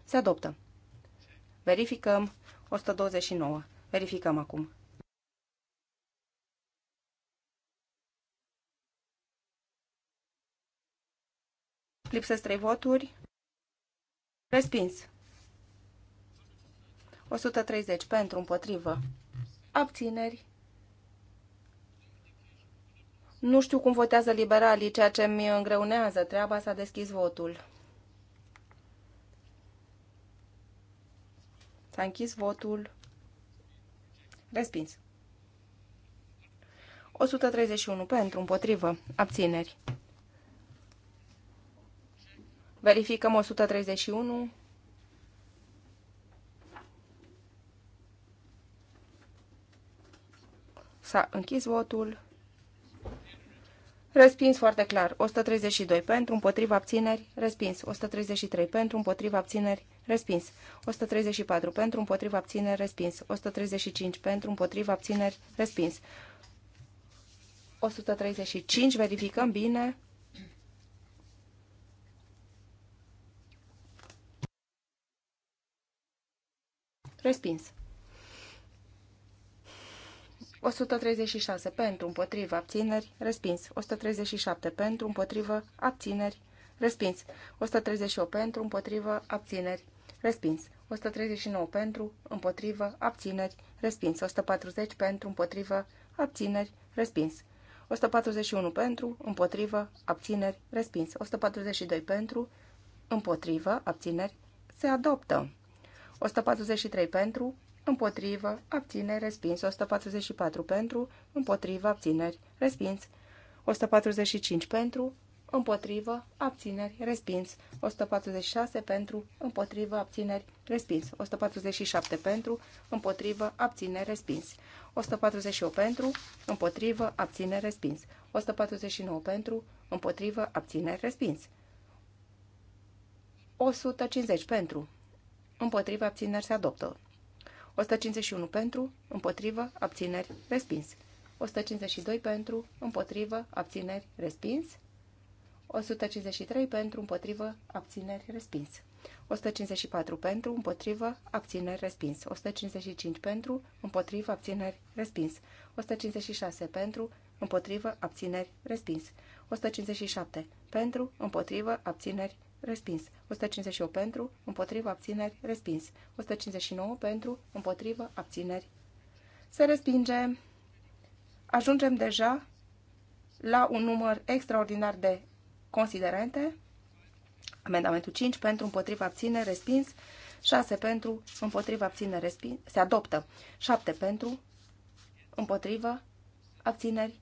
se adoptă. Verificăm 129. Verificăm acum. Lipsesc trei voturi. Respins. 130 pentru, împotrivă. Abțineri. Nu știu cum votează liberalii, ceea ce mi îngreunează treaba, s-a deschis votul. S-a închis votul. Respins. 131 pentru, împotrivă, abțineri. Verificăm 131. S-a închis votul. Respins foarte clar. 132 pentru, împotriva abțineri, respins. 133 pentru, împotriva abțineri, respins. 134 pentru, împotriva abțineri, respins. 135 pentru, împotriva abțineri, respins. 135, verificăm bine. Respins. 136 pentru, împotrivă, abțineri, respins. 137 pentru, împotrivă, abțineri, respins. 138 pentru, împotrivă, abțineri, respins. 139 pentru, împotrivă, abțineri, respins. 140 pentru, împotrivă, abțineri, respins. 141 pentru, împotrivă, abțineri, respins. 142 pentru, împotrivă, abțineri, se adoptă. 143 pentru, împotrivă, abțineri, respins. 144 pentru, împotrivă, abțineri, respins. 145 pentru, împotrivă, abțineri, respins. 146 pentru, împotrivă, abțineri, respins. 147 pentru, împotrivă, abțineri, respins. 148 pentru, împotrivă, abțineri, respins. 149 pentru, împotrivă, abțineri, respins. 150 pentru, împotrivă, abțineri se adoptă. 151 pentru, împotrivă, abțineri, respins. 152 pentru, împotrivă, abțineri, respins. 153 pentru, împotrivă, abțineri, respins. 154 pentru, împotrivă, abțineri, respins. 155 pentru, împotrivă, abțineri, respins. 156 pentru, împotrivă, abțineri, respins. 157 pentru, împotrivă, abțineri, respins. 158 pentru, împotrivă, abțineri, respins. 159 pentru, împotrivă, abțineri. Se respinge. Ajungem deja la un număr extraordinar de considerente. Amendamentul 5 pentru, împotrivă, abțineri, respins. 6 pentru, împotrivă, abțineri, respins. Se adoptă. 7 pentru, împotrivă, abțineri.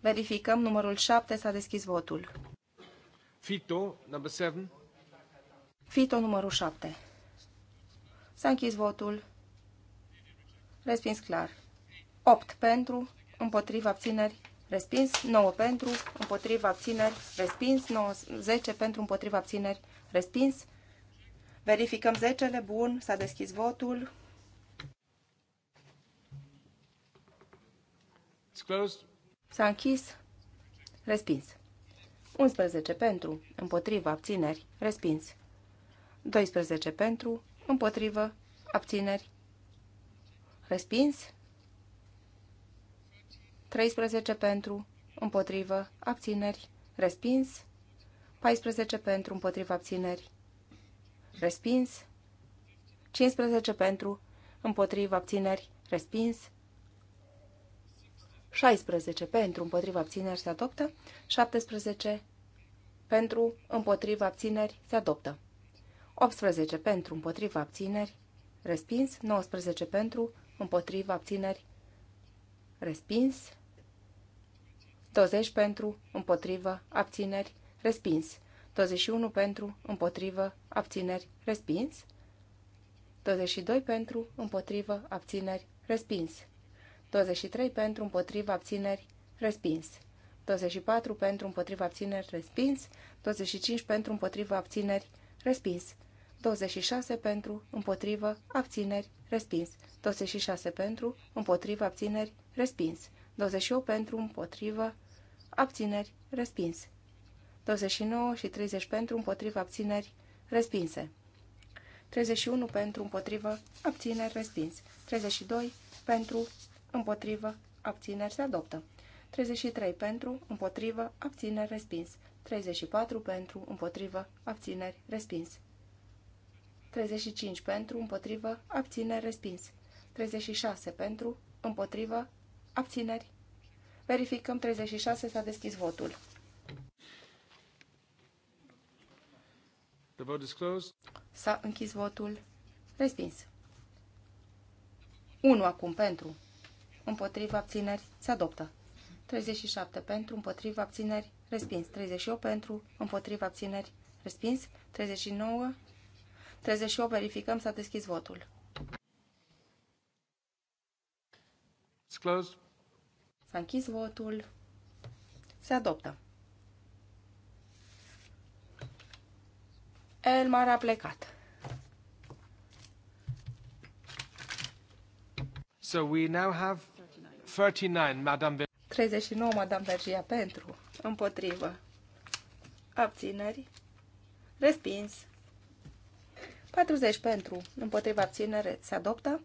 Verificăm numărul 7, s-a deschis votul. Fito, number seven. Fito numărul 7. S-a închis votul. Respins clar. 8 pentru, împotriva abțineri, respins. 9 pentru, împotriva abțineri, respins. 9, 10 pentru, împotriva abțineri, respins. Verificăm 10-le, bun, s-a deschis votul. S-a închis. Respins. 11 pentru, împotrivă, abțineri, respins. 12 pentru, împotrivă, abțineri, respins. 13 pentru, împotrivă, abțineri, respins. 14 pentru, împotrivă, abțineri, respins. 15 pentru, împotrivă, abțineri, respins. 16 pentru, împotriva abțineri se adoptă. 17 pentru, împotriva abțineri se adoptă. 18 pentru, împotriva abțineri, respins. 19 pentru, împotriva abțineri, respins. 20 pentru, împotriva abțineri, respins. 21 pentru, împotriva abțineri, respins. 22 pentru, împotriva abțineri, respins. 23 pentru împotriva abțineri respins. 24 pentru împotriva abțineri respins. 25 pentru împotriva abțineri respins. 26 pentru împotriva abțineri respins. 26 pentru împotriva abțineri respins. 28 pentru împotriva abțineri respins. 29 și 30 pentru împotriva abțineri respinse. 31 pentru împotriva abțineri, respins. 32 pentru împotrivă, abțineri se adoptă. 33 pentru, împotrivă, abțineri respins. 34 pentru, împotrivă, abțineri respins. 35 pentru, împotrivă, abțineri respins. 36 pentru, împotrivă, abțineri. Verificăm 36 s-a deschis votul. The vote is closed. S-a închis votul. Respins. 1 acum pentru împotriva abțineri, se adoptă. 37 pentru, împotriva abțineri, respins. 38 pentru, împotriva abțineri, respins. 39, 38 verificăm, s-a deschis votul. S-a închis votul. Se adoptă. Elmar a plecat. So we now have 39, Madame Vergia, pentru, împotrivă, abțineri, respins. 40 pentru, împotriva abținere, se adoptă.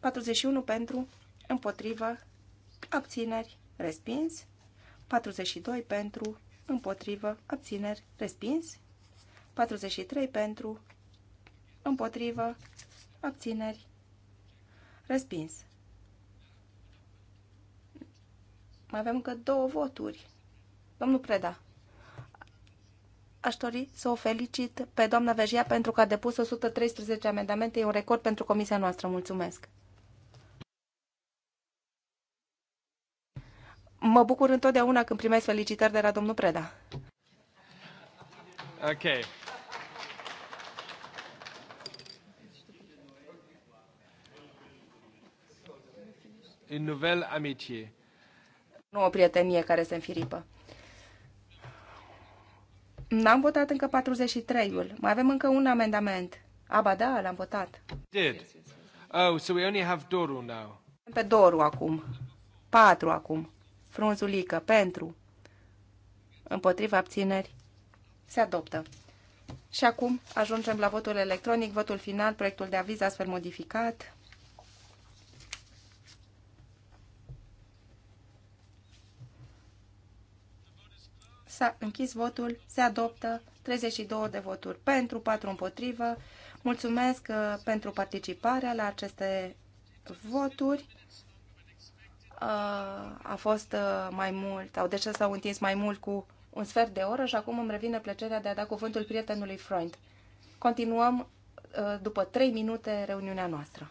41 pentru, împotrivă, abțineri, respins. 42 pentru, împotrivă, abțineri, respins. 43 pentru, împotrivă, abțineri, respins. Mai avem încă două voturi. Domnul Preda, aș dori să o felicit pe doamna Vejia pentru că a depus 113 amendamente. E un record pentru comisia noastră. Mulțumesc! Mă bucur întotdeauna când primesc felicitări de la domnul Preda. Ok. Une nouvelle amitié nu o prietenie care se înfiripă. N-am votat încă 43-ul. Mai avem încă un amendament. Aba da, l-am votat. Did. Oh, so we only have Doru now. Pe Doru acum. Patru acum. Frunzulică, pentru. Împotriva abțineri. Se adoptă. Și acum ajungem la votul electronic, votul final, proiectul de aviz astfel modificat. S-a închis votul, se adoptă 32 de voturi pentru, 4 împotrivă. Mulțumesc uh, pentru participarea la aceste voturi. Uh, a fost uh, mai mult, au deci s-au întins mai mult cu un sfert de oră și acum îmi revine plăcerea de a da cuvântul prietenului Freund. Continuăm după 3 minute reuniunea noastră.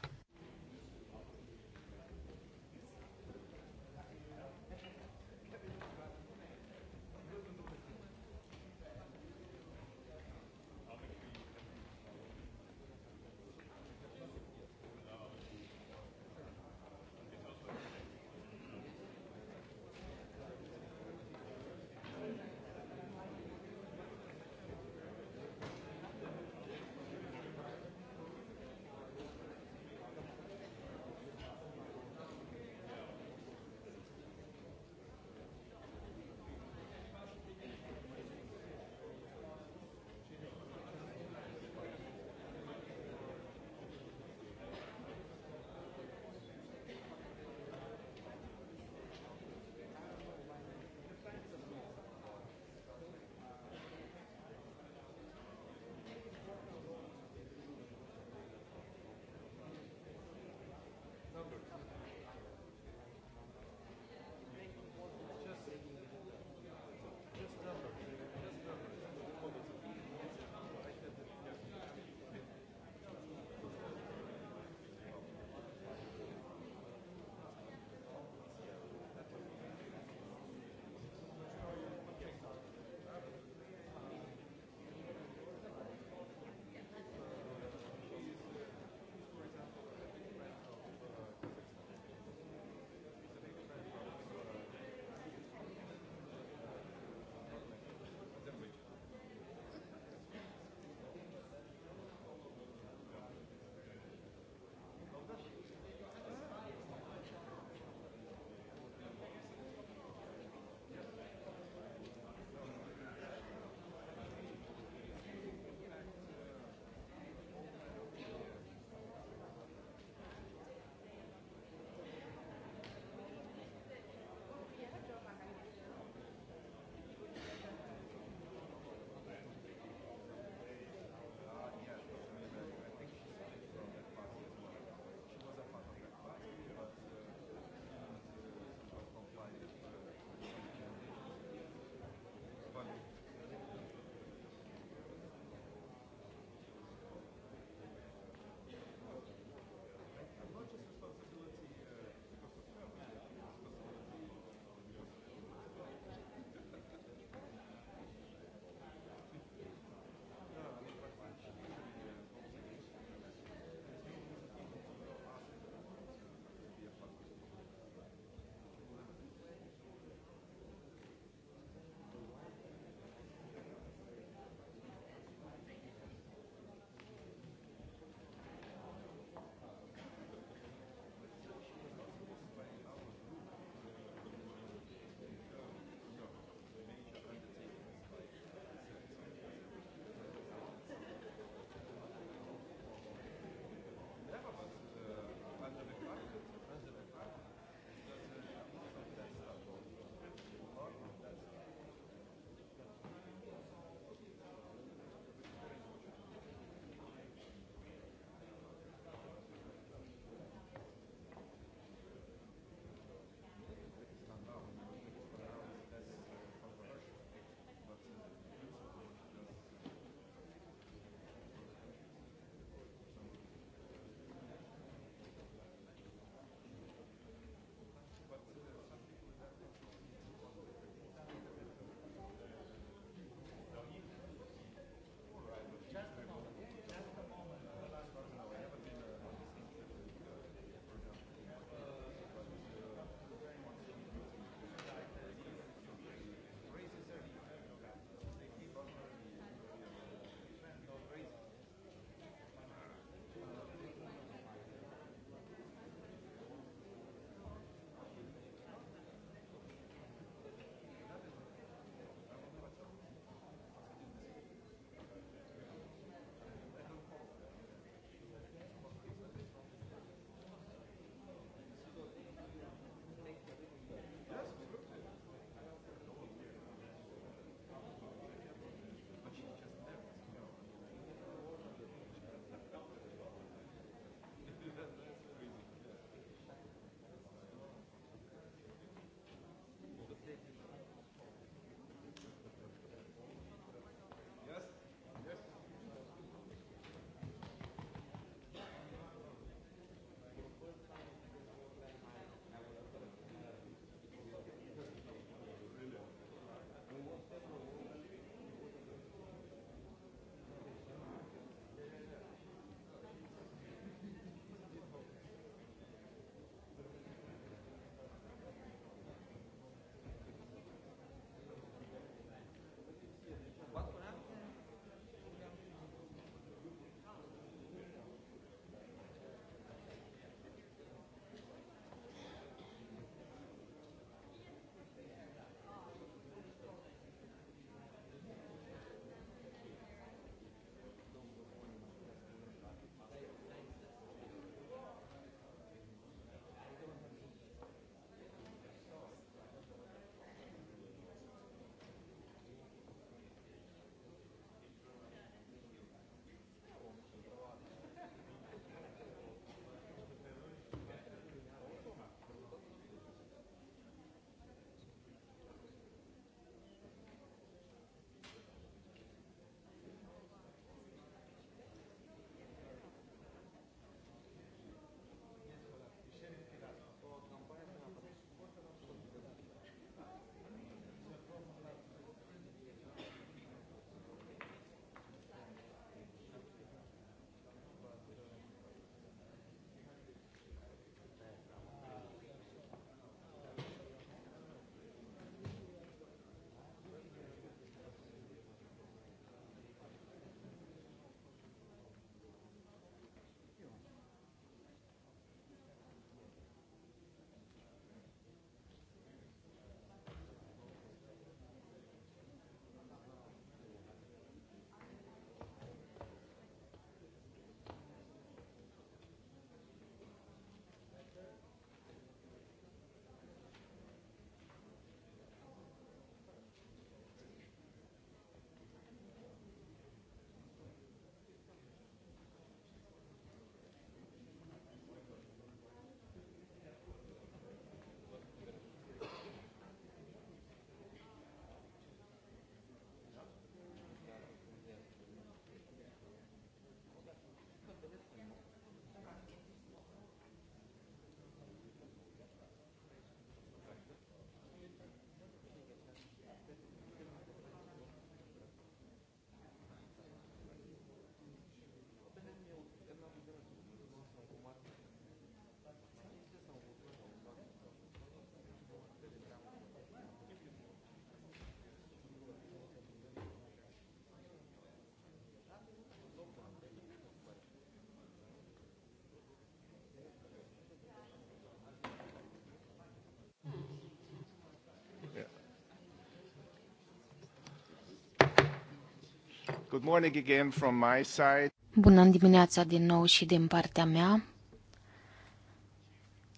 Good morning again from my side. Bună dimineața din nou și din partea mea.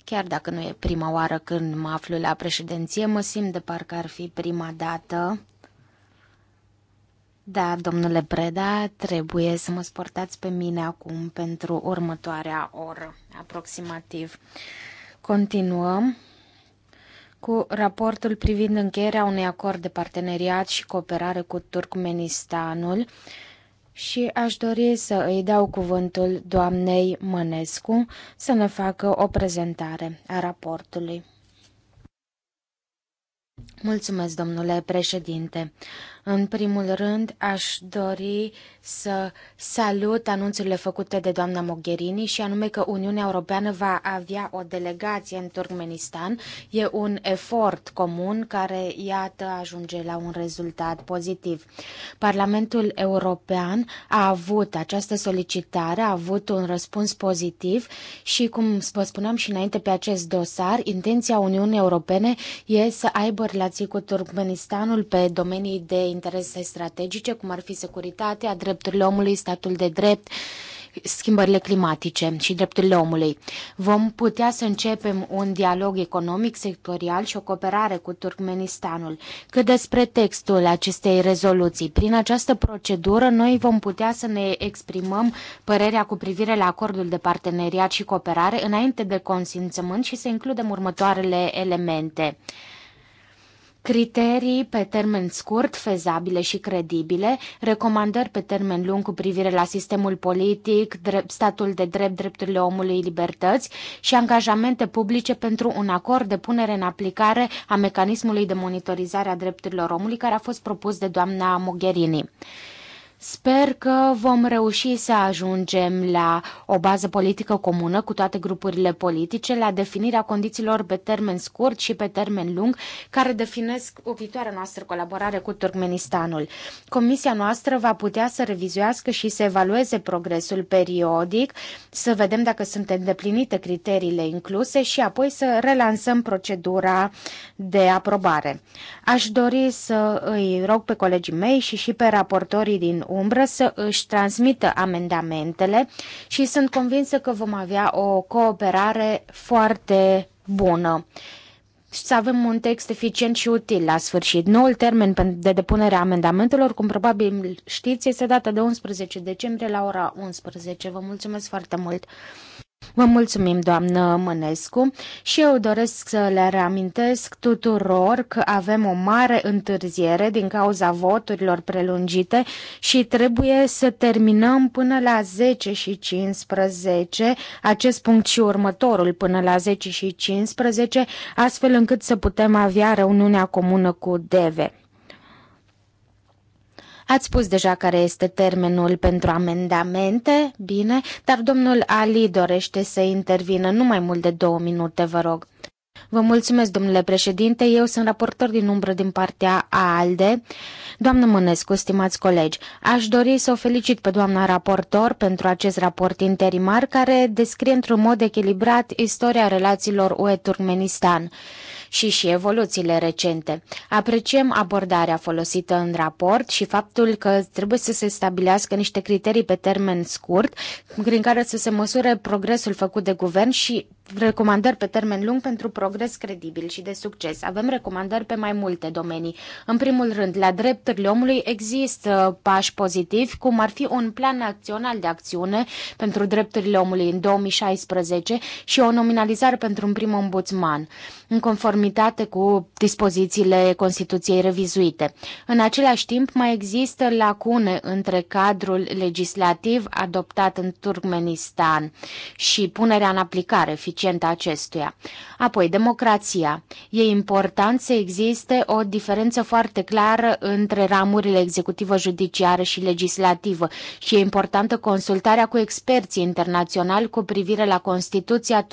Chiar dacă nu e prima oară când mă aflu la președinție, mă simt de parcă ar fi prima dată. Da, domnule Preda, trebuie să mă sportați pe mine acum pentru următoarea oră, aproximativ. Continuăm cu raportul privind încheierea unui acord de parteneriat și cooperare cu Turkmenistanul și aș dori să îi dau cuvântul doamnei Mănescu să ne facă o prezentare a raportului. Mulțumesc, domnule președinte. În primul rând, aș dori să salut anunțurile făcute de doamna Mogherini și anume că Uniunea Europeană va avea o delegație în Turkmenistan. E un efort comun care, iată, ajunge la un rezultat pozitiv. Parlamentul European a avut această solicitare, a avut un răspuns pozitiv și, cum vă spuneam și înainte pe acest dosar, intenția Uniunii Europene e să aibă relații cu Turkmenistanul pe domenii de interese strategice, cum ar fi securitatea, drepturile omului, statul de drept, schimbările climatice și drepturile omului. Vom putea să începem un dialog economic sectorial și o cooperare cu Turkmenistanul. Cât despre textul acestei rezoluții, prin această procedură noi vom putea să ne exprimăm părerea cu privire la acordul de parteneriat și cooperare înainte de consimțământ și să includem următoarele elemente criterii pe termen scurt, fezabile și credibile, recomandări pe termen lung cu privire la sistemul politic, drept, statul de drept, drepturile omului, libertăți și angajamente publice pentru un acord de punere în aplicare a mecanismului de monitorizare a drepturilor omului care a fost propus de doamna Mogherini. Sper că vom reuși să ajungem la o bază politică comună cu toate grupurile politice, la definirea condițiilor pe termen scurt și pe termen lung, care definesc o viitoare noastră colaborare cu Turkmenistanul. Comisia noastră va putea să revizuiască și să evalueze progresul periodic, să vedem dacă sunt îndeplinite criteriile incluse și apoi să relansăm procedura de aprobare. Aș dori să îi rog pe colegii mei și și pe raportorii din umbră să își transmită amendamentele și sunt convinsă că vom avea o cooperare foarte bună și să avem un text eficient și util la sfârșit. Noul termen de depunere a amendamentelor, cum probabil știți, este dată de 11 decembrie la ora 11. Vă mulțumesc foarte mult! Vă mulțumim, doamnă Mănescu, și eu doresc să le reamintesc tuturor că avem o mare întârziere din cauza voturilor prelungite și trebuie să terminăm până la 10 și 15, acest punct și următorul până la 10 și 15, astfel încât să putem avea reuniunea comună cu DEVE. Ați spus deja care este termenul pentru amendamente, bine, dar domnul Ali dorește să intervină nu mai mult de două minute, vă rog. Vă mulțumesc, domnule președinte. Eu sunt raportor din umbră din partea ALDE. Doamnă Mânescu, stimați colegi, aș dori să o felicit pe doamna raportor pentru acest raport interimar care descrie într-un mod echilibrat istoria relațiilor UE-Turkmenistan și și evoluțiile recente. Apreciem abordarea folosită în raport și faptul că trebuie să se stabilească niște criterii pe termen scurt prin care să se măsure progresul făcut de guvern și recomandări pe termen lung pentru progres credibil și de succes. Avem recomandări pe mai multe domenii. În primul rând, la drepturile omului există pași pozitivi, cum ar fi un plan național de acțiune pentru drepturile omului în 2016 și o nominalizare pentru un prim ombudsman, în conformitate cu dispozițiile Constituției revizuite. În același timp, mai există lacune între cadrul legislativ adoptat în Turkmenistan și punerea în aplicare, fi eficientă acestuia. Apoi, democrația. E important să existe o diferență foarte clară între ramurile executivă, judiciară și legislativă și e importantă consultarea cu experții internaționali cu privire la Constituția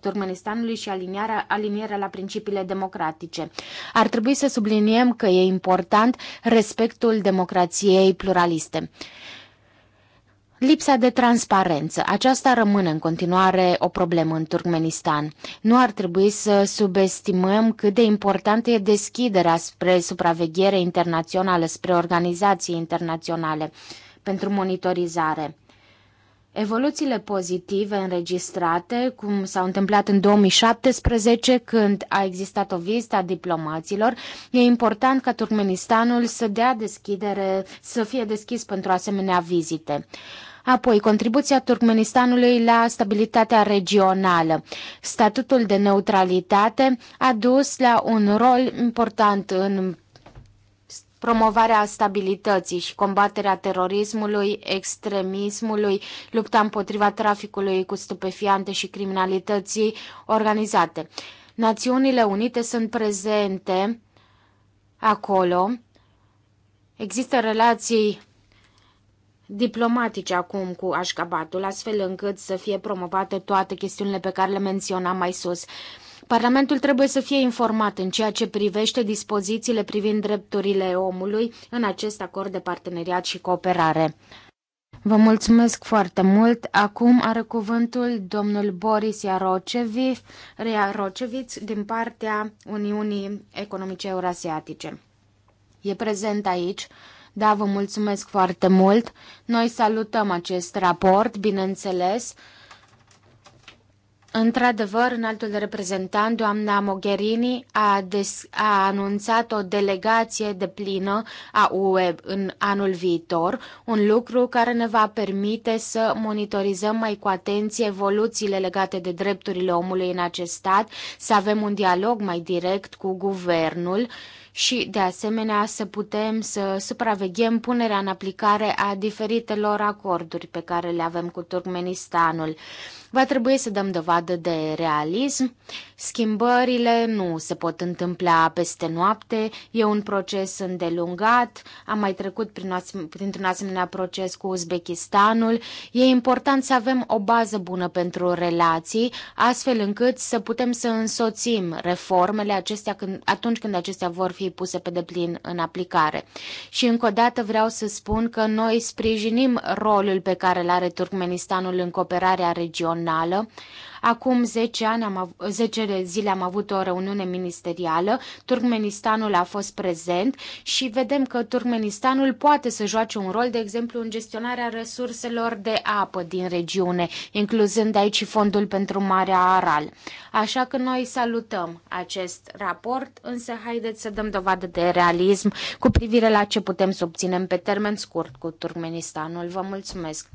Turkmenistanului și alinierea, alinierea la principiile democratice. Ar trebui să subliniem că e important respectul democrației pluraliste. Lipsa de transparență, aceasta rămâne în continuare o problemă în Turkmenistan. Nu ar trebui să subestimăm cât de importantă e deschiderea spre supraveghere internațională, spre organizații internaționale pentru monitorizare. Evoluțiile pozitive înregistrate, cum s-au întâmplat în 2017, când a existat o vizită a diplomaților, e important ca Turkmenistanul să dea deschidere, să fie deschis pentru asemenea vizite. Apoi, contribuția Turkmenistanului la stabilitatea regională. Statutul de neutralitate a dus la un rol important în promovarea stabilității și combaterea terorismului, extremismului, lupta împotriva traficului cu stupefiante și criminalității organizate. Națiunile Unite sunt prezente acolo. Există relații diplomatice acum cu Așcabatul, astfel încât să fie promovate toate chestiunile pe care le menționam mai sus. Parlamentul trebuie să fie informat în ceea ce privește dispozițiile privind drepturile omului în acest acord de parteneriat și cooperare. Vă mulțumesc foarte mult. Acum are cuvântul domnul Boris Iaroceviț din partea Uniunii Economice Eurasiatice. E prezent aici. Da, vă mulțumesc foarte mult. Noi salutăm acest raport, bineînțeles. Într-adevăr, altul reprezentant, doamna Mogherini, a, des, a anunțat o delegație de plină a UE în anul viitor, un lucru care ne va permite să monitorizăm mai cu atenție evoluțiile legate de drepturile omului în acest stat, să avem un dialog mai direct cu guvernul și, de asemenea, să putem să supraveghem punerea în aplicare a diferitelor acorduri pe care le avem cu Turkmenistanul. Va trebui să dăm dovadă de realism Schimbările nu se pot întâmpla peste noapte, e un proces îndelungat, am mai trecut prin printr-un asemenea proces cu Uzbekistanul. E important să avem o bază bună pentru relații, astfel încât să putem să însoțim reformele acestea când, atunci când acestea vor fi puse pe deplin în aplicare. Și încă o dată vreau să spun că noi sprijinim rolul pe care îl are Turkmenistanul în cooperarea regională, Acum 10, ani am av- 10 zile am avut o reuniune ministerială, Turkmenistanul a fost prezent și vedem că Turkmenistanul poate să joace un rol, de exemplu, în gestionarea resurselor de apă din regiune, incluzând aici fondul pentru Marea Aral. Așa că noi salutăm acest raport, însă haideți să dăm dovadă de realism cu privire la ce putem să obținem pe termen scurt cu Turkmenistanul. Vă mulțumesc!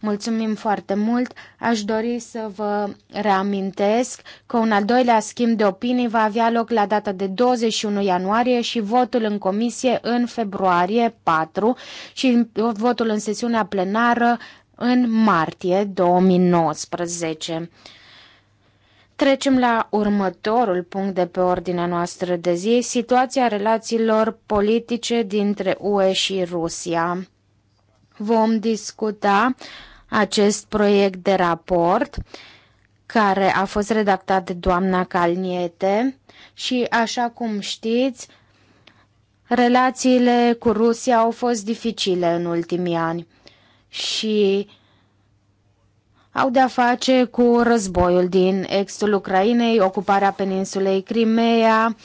Mulțumim foarte mult. Aș dori să vă reamintesc că un al doilea schimb de opinii va avea loc la data de 21 ianuarie și votul în comisie în februarie 4 și votul în sesiunea plenară în martie 2019. Trecem la următorul punct de pe ordinea noastră de zi, situația relațiilor politice dintre UE și Rusia. Vom discuta acest proiect de raport care a fost redactat de doamna Calniete și, așa cum știți, relațiile cu Rusia au fost dificile în ultimii ani și au de-a face cu războiul din estul Ucrainei, ocuparea peninsulei Crimea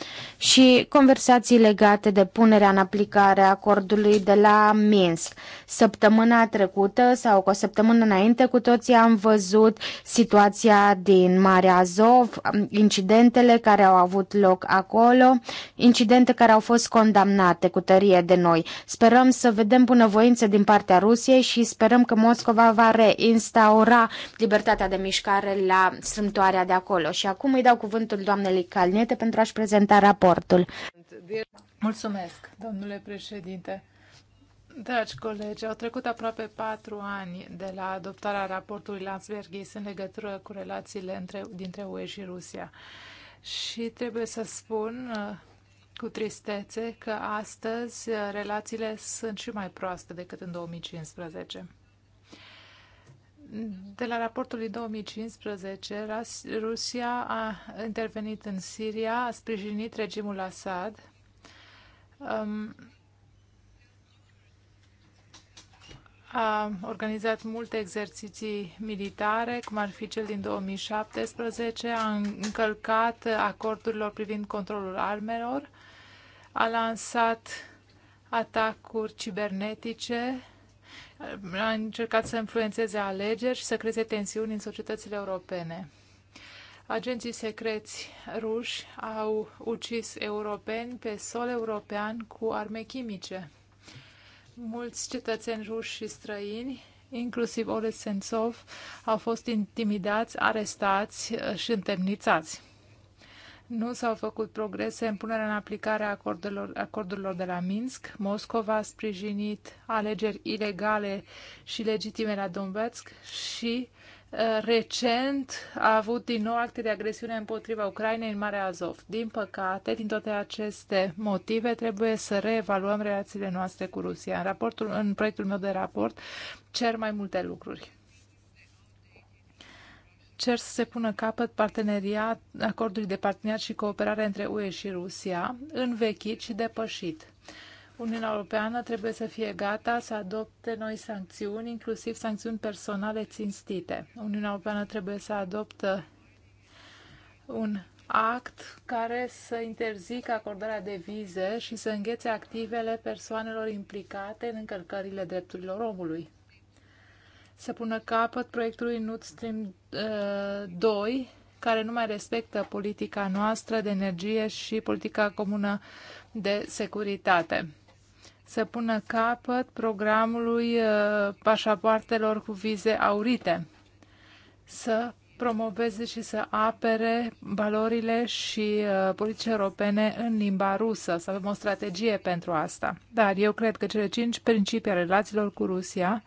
și conversații legate de punerea în aplicare a acordului de la Minsk. Săptămâna trecută sau cu o săptămână înainte cu toții am văzut situația din Marea Azov, incidentele care au avut loc acolo, incidente care au fost condamnate cu tărie de noi. Sperăm să vedem bunăvoință din partea Rusiei și sperăm că Moscova va reinstaura libertatea de mișcare la strâmtoarea de acolo. Și acum îi dau cuvântul doamnei Calniete pentru a-și prezenta raport raportul. Mulțumesc, domnule președinte. Dragi colegi, au trecut aproape patru ani de la adoptarea raportului Landsbergis în legătură cu relațiile între, dintre UE și Rusia. Și trebuie să spun uh, cu tristețe că astăzi uh, relațiile sunt și mai proaste decât în 2015 de la raportul lui 2015, Rusia a intervenit în Siria, a sprijinit regimul Assad. Um, a organizat multe exerciții militare, cum ar fi cel din 2017, a încălcat acordurilor privind controlul armelor, a lansat atacuri cibernetice a încercat să influențeze alegeri și să creeze tensiuni în societățile europene. Agenții secreți ruși au ucis europeni pe sol european cu arme chimice. Mulți cetățeni ruși și străini, inclusiv Oleg Sentsov, au fost intimidați, arestați și întemnițați nu s-au făcut progrese în punerea în aplicare a acordurilor, acordurilor de la Minsk. Moscova a sprijinit alegeri ilegale și legitime la Donbetsk și uh, recent a avut din nou acte de agresiune împotriva Ucrainei în Marea Azov. Din păcate, din toate aceste motive, trebuie să reevaluăm relațiile noastre cu Rusia. În, raportul, în proiectul meu de raport cer mai multe lucruri cer să se pună capăt parteneriat, acordului de parteneriat și cooperare între UE și Rusia, învechit și depășit. Uniunea Europeană trebuie să fie gata să adopte noi sancțiuni, inclusiv sancțiuni personale ținstite. Uniunea Europeană trebuie să adoptă un act care să interzică acordarea de vize și să înghețe activele persoanelor implicate în încălcările drepturilor omului să pună capăt proiectului Nord Stream uh, 2, care nu mai respectă politica noastră de energie și politica comună de securitate. Să pună capăt programului uh, pașapoartelor cu vize aurite. Să promoveze și să apere valorile și uh, politice europene în limba rusă, să avem o strategie pentru asta. Dar eu cred că cele cinci principii ale relațiilor cu Rusia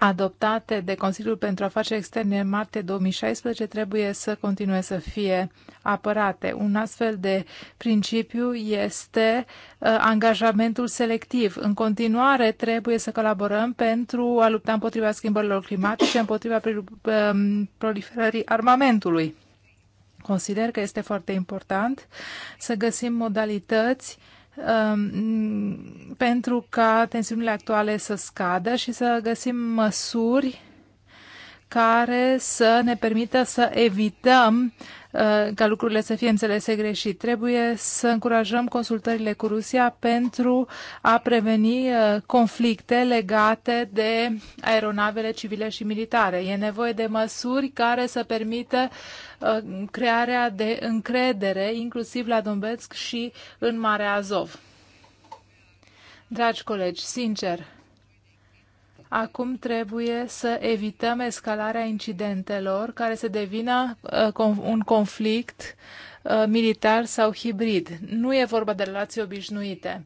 adoptate de Consiliul pentru Afaceri Externe în martie 2016 trebuie să continue să fie apărate. Un astfel de principiu este uh, angajamentul selectiv. În continuare trebuie să colaborăm pentru a lupta împotriva schimbărilor climatice, împotriva um, proliferării armamentului. Consider că este foarte important să găsim modalități uh, Um, pentru ca tensiunile actuale să scadă și să găsim măsuri care să ne permită să evităm uh, ca lucrurile să fie înțelese greșit. Trebuie să încurajăm consultările cu Rusia pentru a preveni uh, conflicte legate de aeronavele civile și militare. E nevoie de măsuri care să permită uh, crearea de încredere, inclusiv la Donbetsk și în Marea Azov. Dragi colegi, sincer, Acum trebuie să evităm escalarea incidentelor care să devină uh, un conflict uh, militar sau hibrid. Nu e vorba de relații obișnuite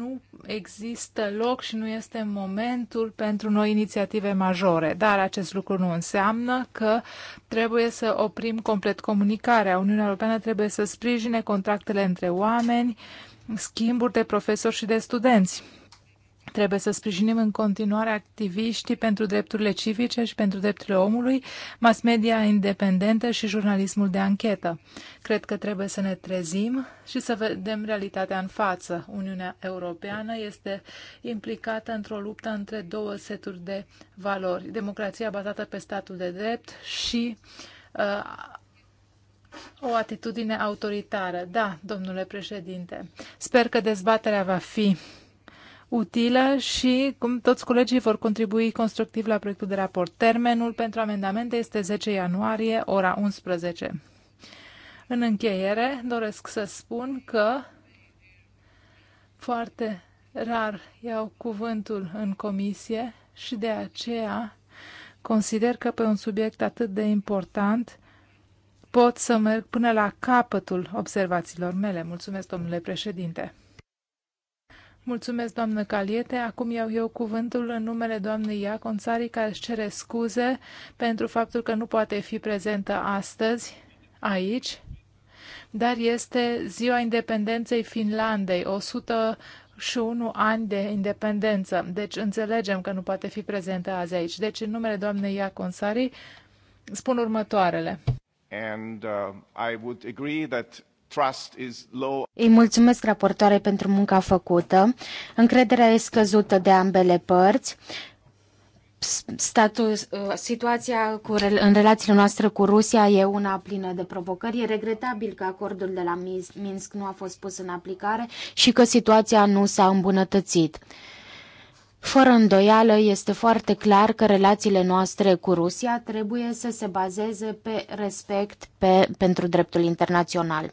nu există loc și nu este momentul pentru noi inițiative majore. Dar acest lucru nu înseamnă că trebuie să oprim complet comunicarea. Uniunea Europeană trebuie să sprijine contractele între oameni, schimburi de profesori și de studenți. Trebuie să sprijinim în continuare activiștii pentru drepturile civice și pentru drepturile omului, mass media independentă și jurnalismul de anchetă. Cred că trebuie să ne trezim și să vedem realitatea în față. Uniunea Europeană este implicată într-o luptă între două seturi de valori. Democrația bazată pe statul de drept și uh, o atitudine autoritară. Da, domnule președinte, sper că dezbaterea va fi utilă și cum toți colegii vor contribui constructiv la proiectul de raport. Termenul pentru amendamente este 10 ianuarie, ora 11. În încheiere, doresc să spun că foarte rar iau cuvântul în comisie și de aceea consider că pe un subiect atât de important pot să merg până la capătul observațiilor mele. Mulțumesc, domnule președinte! Mulțumesc, doamnă Caliete. Acum iau eu cuvântul în numele doamnei Iaconțari, care își cere scuze pentru faptul că nu poate fi prezentă astăzi aici, dar este Ziua Independenței Finlandei, 101 ani de independență. Deci înțelegem că nu poate fi prezentă azi aici. Deci în numele doamnei Sari spun următoarele. And uh, I would agree that îi mulțumesc raportoare pentru munca făcută. Încrederea e scăzută de ambele părți. Status, uh, situația cu, în relațiile noastre cu Rusia e una plină de provocări. E regretabil că acordul de la Minsk nu a fost pus în aplicare și că situația nu s-a îmbunătățit. Fără îndoială, este foarte clar că relațiile noastre cu Rusia trebuie să se bazeze pe respect pe, pentru dreptul internațional.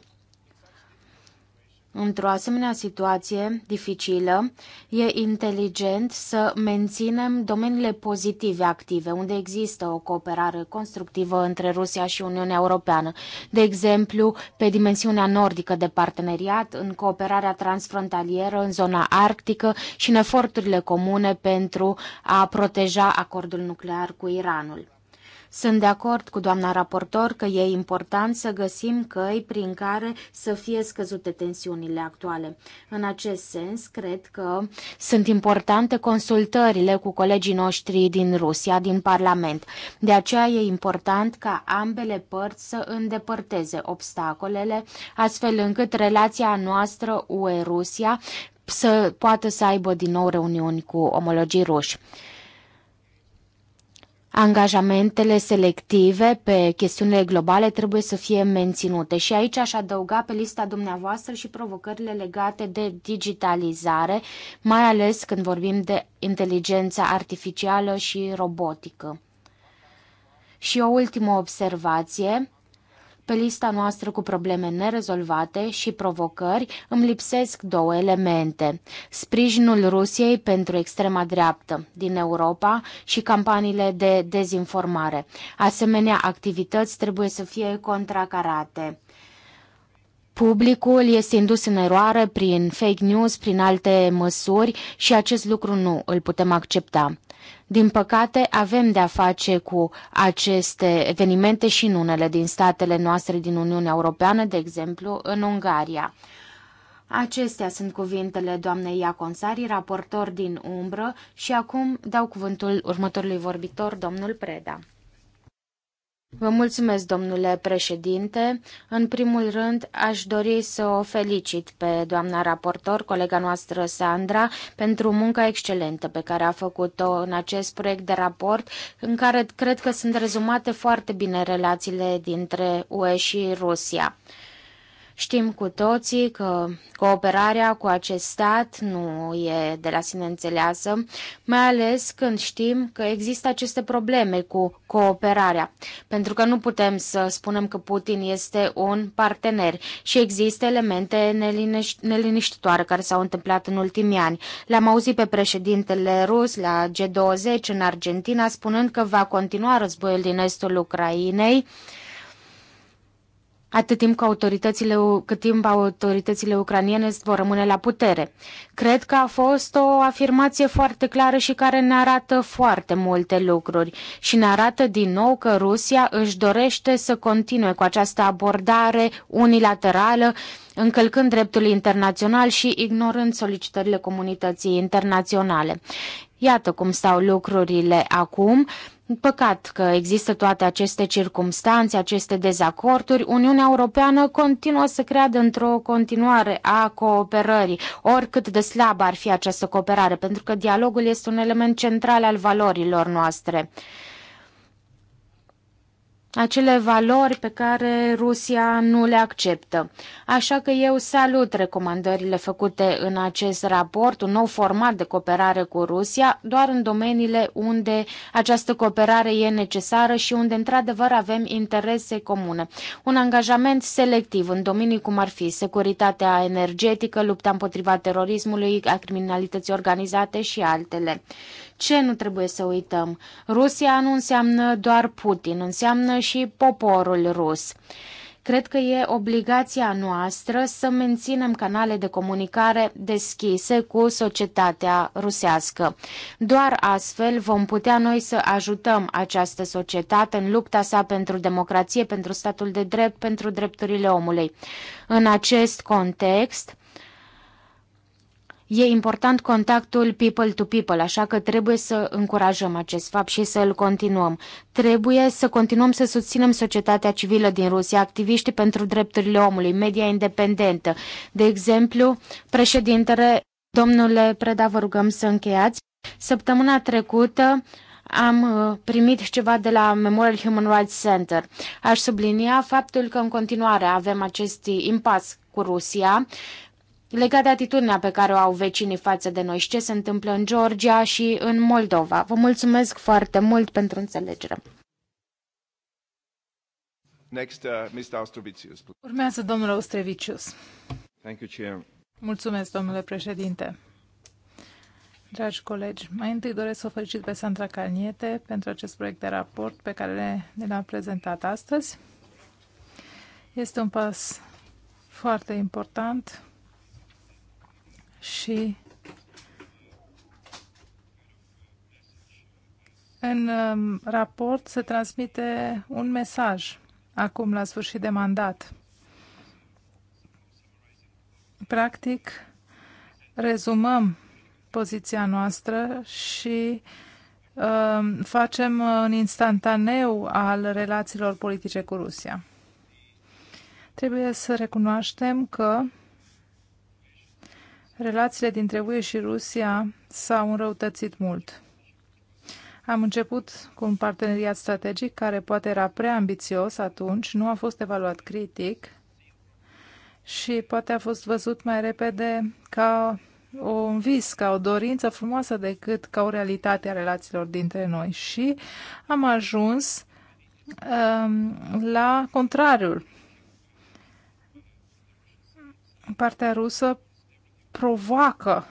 Într-o asemenea situație dificilă, e inteligent să menținem domeniile pozitive active, unde există o cooperare constructivă între Rusia și Uniunea Europeană. De exemplu, pe dimensiunea nordică de parteneriat, în cooperarea transfrontalieră în zona arctică și în eforturile comune pentru a proteja acordul nuclear cu Iranul. Sunt de acord cu doamna raportor că e important să găsim căi prin care să fie scăzute tensiunile actuale. În acest sens, cred că sunt importante consultările cu colegii noștri din Rusia, din Parlament. De aceea e important ca ambele părți să îndepărteze obstacolele, astfel încât relația noastră UE-Rusia să poată să aibă din nou reuniuni cu omologii ruși. Angajamentele selective pe chestiunile globale trebuie să fie menținute și aici aș adăuga pe lista dumneavoastră și provocările legate de digitalizare, mai ales când vorbim de inteligența artificială și robotică. Și o ultimă observație, pe lista noastră cu probleme nerezolvate și provocări îmi lipsesc două elemente. Sprijinul Rusiei pentru extrema dreaptă din Europa și campaniile de dezinformare. Asemenea, activități trebuie să fie contracarate. Publicul este indus în eroare prin fake news, prin alte măsuri și acest lucru nu îl putem accepta. Din păcate, avem de-a face cu aceste evenimente și în unele din statele noastre din Uniunea Europeană, de exemplu în Ungaria. Acestea sunt cuvintele doamnei Iaconsari, raportor din umbră, și acum dau cuvântul următorului vorbitor, domnul Preda. Vă mulțumesc, domnule președinte. În primul rând, aș dori să o felicit pe doamna raportor, colega noastră Sandra, pentru munca excelentă pe care a făcut-o în acest proiect de raport, în care cred că sunt rezumate foarte bine relațiile dintre UE și Rusia. Știm cu toții că cooperarea cu acest stat nu e de la sine înțeleasă, mai ales când știm că există aceste probleme cu cooperarea, pentru că nu putem să spunem că Putin este un partener și există elemente neliniștitoare care s-au întâmplat în ultimii ani. L-am auzit pe președintele rus la G20 în Argentina spunând că va continua războiul din estul Ucrainei, atât timp cât autoritățile, cât timp autoritățile ucraniene vor rămâne la putere. Cred că a fost o afirmație foarte clară și care ne arată foarte multe lucruri și ne arată din nou că Rusia își dorește să continue cu această abordare unilaterală, încălcând dreptul internațional și ignorând solicitările comunității internaționale. Iată cum stau lucrurile acum. Păcat că există toate aceste circumstanțe, aceste dezacorduri. Uniunea Europeană continuă să creadă într-o continuare a cooperării, oricât de slabă ar fi această cooperare, pentru că dialogul este un element central al valorilor noastre acele valori pe care Rusia nu le acceptă. Așa că eu salut recomandările făcute în acest raport, un nou format de cooperare cu Rusia, doar în domeniile unde această cooperare e necesară și unde într-adevăr avem interese comune. Un angajament selectiv în domenii cum ar fi securitatea energetică, lupta împotriva terorismului, a criminalității organizate și altele. Ce nu trebuie să uităm? Rusia nu înseamnă doar Putin, înseamnă și poporul rus. Cred că e obligația noastră să menținem canale de comunicare deschise cu societatea rusească. Doar astfel vom putea noi să ajutăm această societate în lupta sa pentru democrație, pentru statul de drept, pentru drepturile omului. În acest context, E important contactul people-to-people, așa că trebuie să încurajăm acest fapt și să îl continuăm. Trebuie să continuăm să susținem societatea civilă din Rusia, activiștii pentru drepturile omului, media independentă. De exemplu, președintele, domnule Preda, vă rugăm să încheiați. Săptămâna trecută am uh, primit ceva de la Memorial Human Rights Center. Aș sublinia faptul că în continuare avem acest impas cu Rusia legat de atitudinea pe care o au vecinii față de noi și ce se întâmplă în Georgia și în Moldova. Vă mulțumesc foarte mult pentru înțelegere. Next, uh, Urmează domnul Austrevicius. Thank you, Chair. Mulțumesc, domnule președinte. Dragi colegi, mai întâi doresc să o felicit pe Sandra Calniete pentru acest proiect de raport pe care ne l-am prezentat astăzi. Este un pas foarte important și în um, raport se transmite un mesaj acum la sfârșit de mandat. Practic, rezumăm poziția noastră și uh, facem un instantaneu al relațiilor politice cu Rusia. Trebuie să recunoaștem că Relațiile dintre UE și Rusia s-au înrăutățit mult. Am început cu un parteneriat strategic care poate era prea ambițios atunci, nu a fost evaluat critic și poate a fost văzut mai repede ca un vis, ca o dorință frumoasă decât ca o realitate a relațiilor dintre noi. Și am ajuns um, la contrariul. Partea rusă provoacă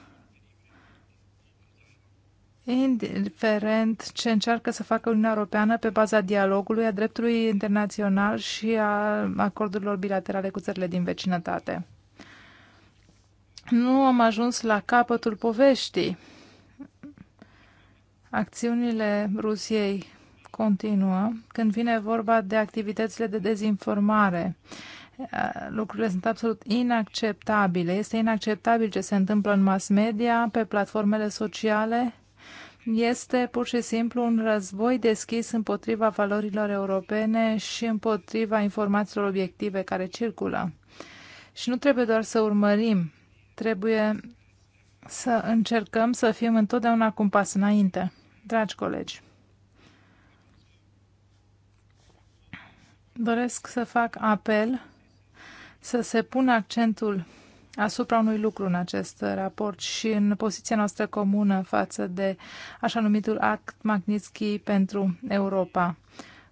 indiferent ce încearcă să facă Uniunea Europeană pe baza dialogului, a dreptului internațional și a acordurilor bilaterale cu țările din vecinătate. Nu am ajuns la capătul poveștii. Acțiunile Rusiei continuă când vine vorba de activitățile de dezinformare lucrurile sunt absolut inacceptabile. Este inacceptabil ce se întâmplă în mass media, pe platformele sociale. Este pur și simplu un război deschis împotriva valorilor europene și împotriva informațiilor obiective care circulă. Și nu trebuie doar să urmărim, trebuie să încercăm să fim întotdeauna cu un pas înainte. Dragi colegi, doresc să fac apel să se pună accentul asupra unui lucru în acest raport și în poziția noastră comună față de așa numitul act Magnitsky pentru Europa.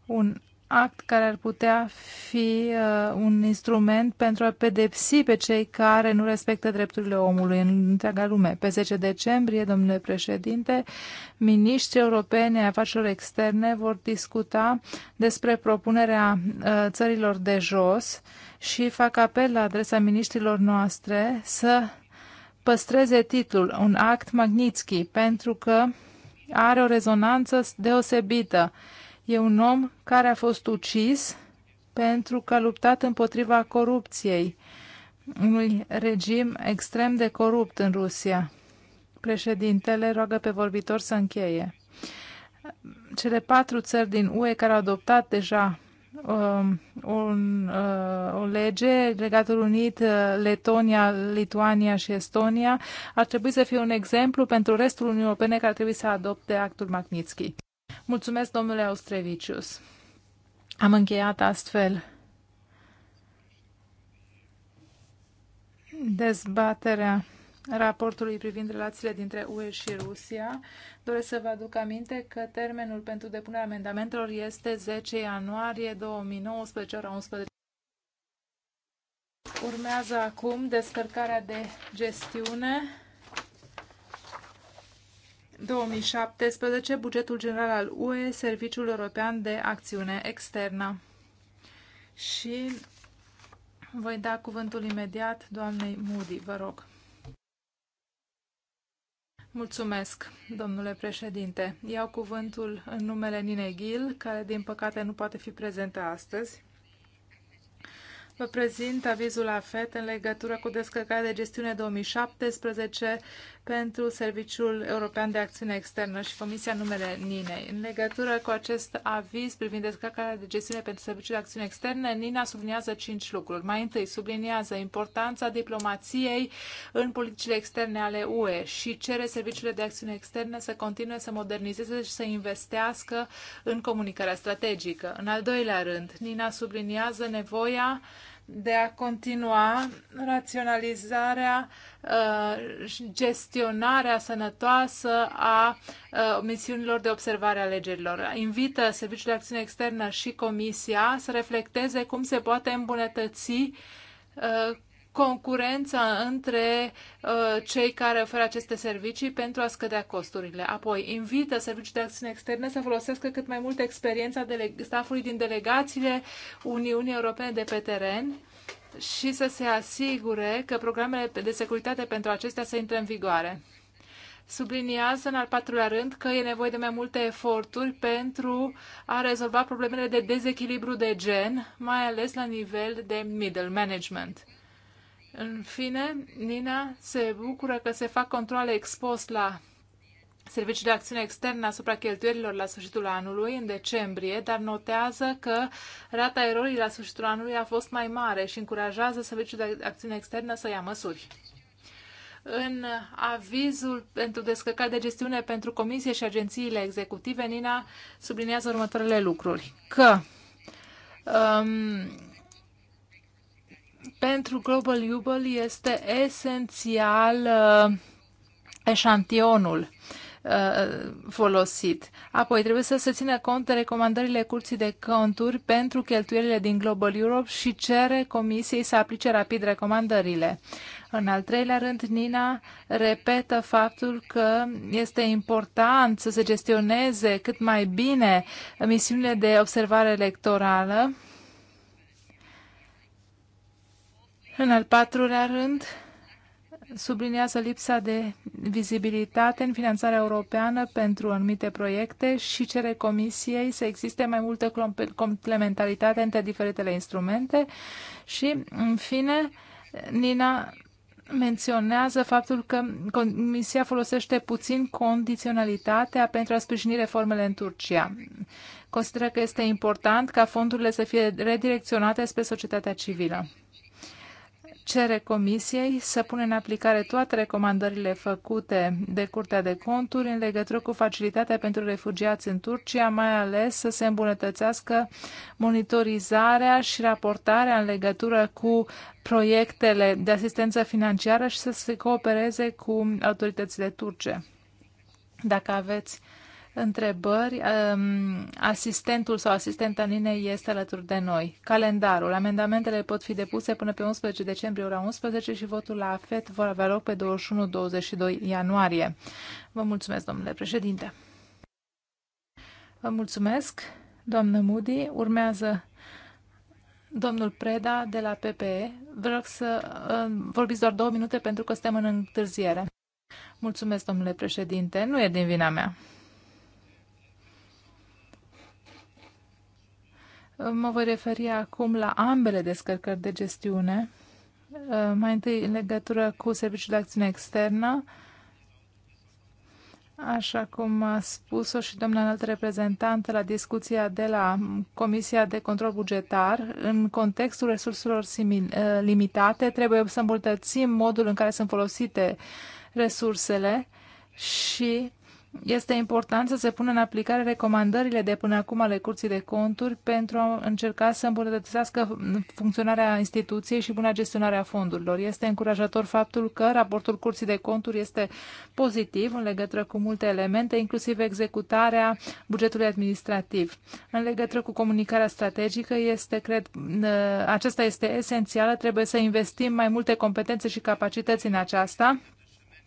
Un act care ar putea fi uh, un instrument pentru a pedepsi pe cei care nu respectă drepturile omului în întreaga lume. Pe 10 decembrie, domnule președinte, miniștrii europene ai afacerilor externe vor discuta despre propunerea uh, țărilor de jos și fac apel la adresa miniștrilor noastre să păstreze titlul un act Magnitsky pentru că are o rezonanță deosebită. Uh, E un om care a fost ucis pentru că a luptat împotriva corupției, unui regim extrem de corupt în Rusia. Președintele roagă pe vorbitor să încheie. Cele patru țări din UE care au adoptat deja um, un, uh, o lege, Regatul Unit, uh, Letonia, Lituania și Estonia, ar trebui să fie un exemplu pentru restul Uniunii Europene care ar trebui să adopte actul Magnitsky. Mulțumesc, domnule Austrevicius. Am încheiat astfel dezbaterea raportului privind relațiile dintre UE și Rusia. Doresc să vă aduc aminte că termenul pentru depunerea amendamentelor este 10 ianuarie 2019, ora 11. Urmează acum descărcarea de gestiune. 2017, bugetul general al UE, Serviciul European de Acțiune Externă. Și voi da cuvântul imediat doamnei Moody, vă rog. Mulțumesc, domnule președinte. Iau cuvântul în numele Ninei Gil, care din păcate nu poate fi prezentă astăzi. Vă prezint avizul AFET în legătură cu descărcarea de gestiune 2017 pentru Serviciul European de Acțiune Externă și Comisia numele Ninei. În legătură cu acest aviz privind descărcarea de gestiune pentru Serviciul de Acțiune Externă, Nina subliniază cinci lucruri. Mai întâi, subliniază importanța diplomației în politicile externe ale UE și cere Serviciul de Acțiune Externă să continue să modernizeze și să investească în comunicarea strategică. În al doilea rând, Nina subliniază nevoia de a continua raționalizarea, uh, gestionarea sănătoasă a uh, misiunilor de observare a legerilor. Invită Serviciul de Acțiune Externă și Comisia să reflecteze cum se poate îmbunătăți uh, concurența între uh, cei care oferă aceste servicii pentru a scădea costurile. Apoi, invită servicii de acțiune externe să folosească cât mai mult experiența stafului din delegațiile Uniunii Europene de pe teren și să se asigure că programele de securitate pentru acestea să intre în vigoare. Subliniază în al patrulea rând că e nevoie de mai multe eforturi pentru a rezolva problemele de dezechilibru de gen, mai ales la nivel de middle management în fine, Nina se bucură că se fac controle expost la Serviciul de Acțiune Externă asupra cheltuielilor la sfârșitul anului, în decembrie, dar notează că rata erorii la sfârșitul anului a fost mai mare și încurajează Serviciul de Acțiune Externă să ia măsuri. În avizul pentru descărcare de gestiune pentru comisie și agențiile executive, Nina subliniază următoarele lucruri. Că um, pentru Global Jubel este esențial uh, eșantionul uh, folosit. Apoi trebuie să se țină cont de recomandările Curții de Conturi pentru cheltuielile din Global Europe și cere Comisiei să aplice rapid recomandările. În al treilea rând, Nina repetă faptul că este important să se gestioneze cât mai bine misiunile de observare electorală În al patrulea rând, subliniază lipsa de vizibilitate în finanțarea europeană pentru anumite proiecte și cere Comisiei să existe mai multă complementaritate între diferitele instrumente și, în fine, Nina menționează faptul că Comisia folosește puțin condiționalitatea pentru a sprijini reformele în Turcia. Consideră că este important ca fondurile să fie redirecționate spre societatea civilă cere Comisiei să pună în aplicare toate recomandările făcute de Curtea de Conturi în legătură cu facilitatea pentru refugiați în Turcia, mai ales să se îmbunătățească monitorizarea și raportarea în legătură cu proiectele de asistență financiară și să se coopereze cu autoritățile turce. Dacă aveți întrebări. Asistentul sau asistenta Ninei este alături de noi. Calendarul. Amendamentele pot fi depuse până pe 11 decembrie ora 11 și votul la AFET vor avea loc pe 21-22 ianuarie. Vă mulțumesc, domnule președinte. Vă mulțumesc, doamnă Moody. Urmează Domnul Preda de la PPE, Vreau să vorbiți doar două minute pentru că suntem în întârziere. Mulțumesc, domnule președinte. Nu e din vina mea. Mă voi referi acum la ambele descărcări de gestiune. Uh, mai întâi în legătură cu Serviciul de Acțiune Externă, Așa cum a spus-o și domnul înalt reprezentant la discuția de la Comisia de Control Bugetar, în contextul resurselor uh, limitate, trebuie să îmbunătățim modul în care sunt folosite resursele și este important să se pună în aplicare recomandările de până acum ale Curții de Conturi pentru a încerca să îmbunătățească funcționarea instituției și buna gestionarea fondurilor. Este încurajator faptul că raportul Curții de Conturi este pozitiv în legătură cu multe elemente, inclusiv executarea bugetului administrativ. În legătură cu comunicarea strategică, este, cred, ă, aceasta este esențială, trebuie să investim mai multe competențe și capacități în aceasta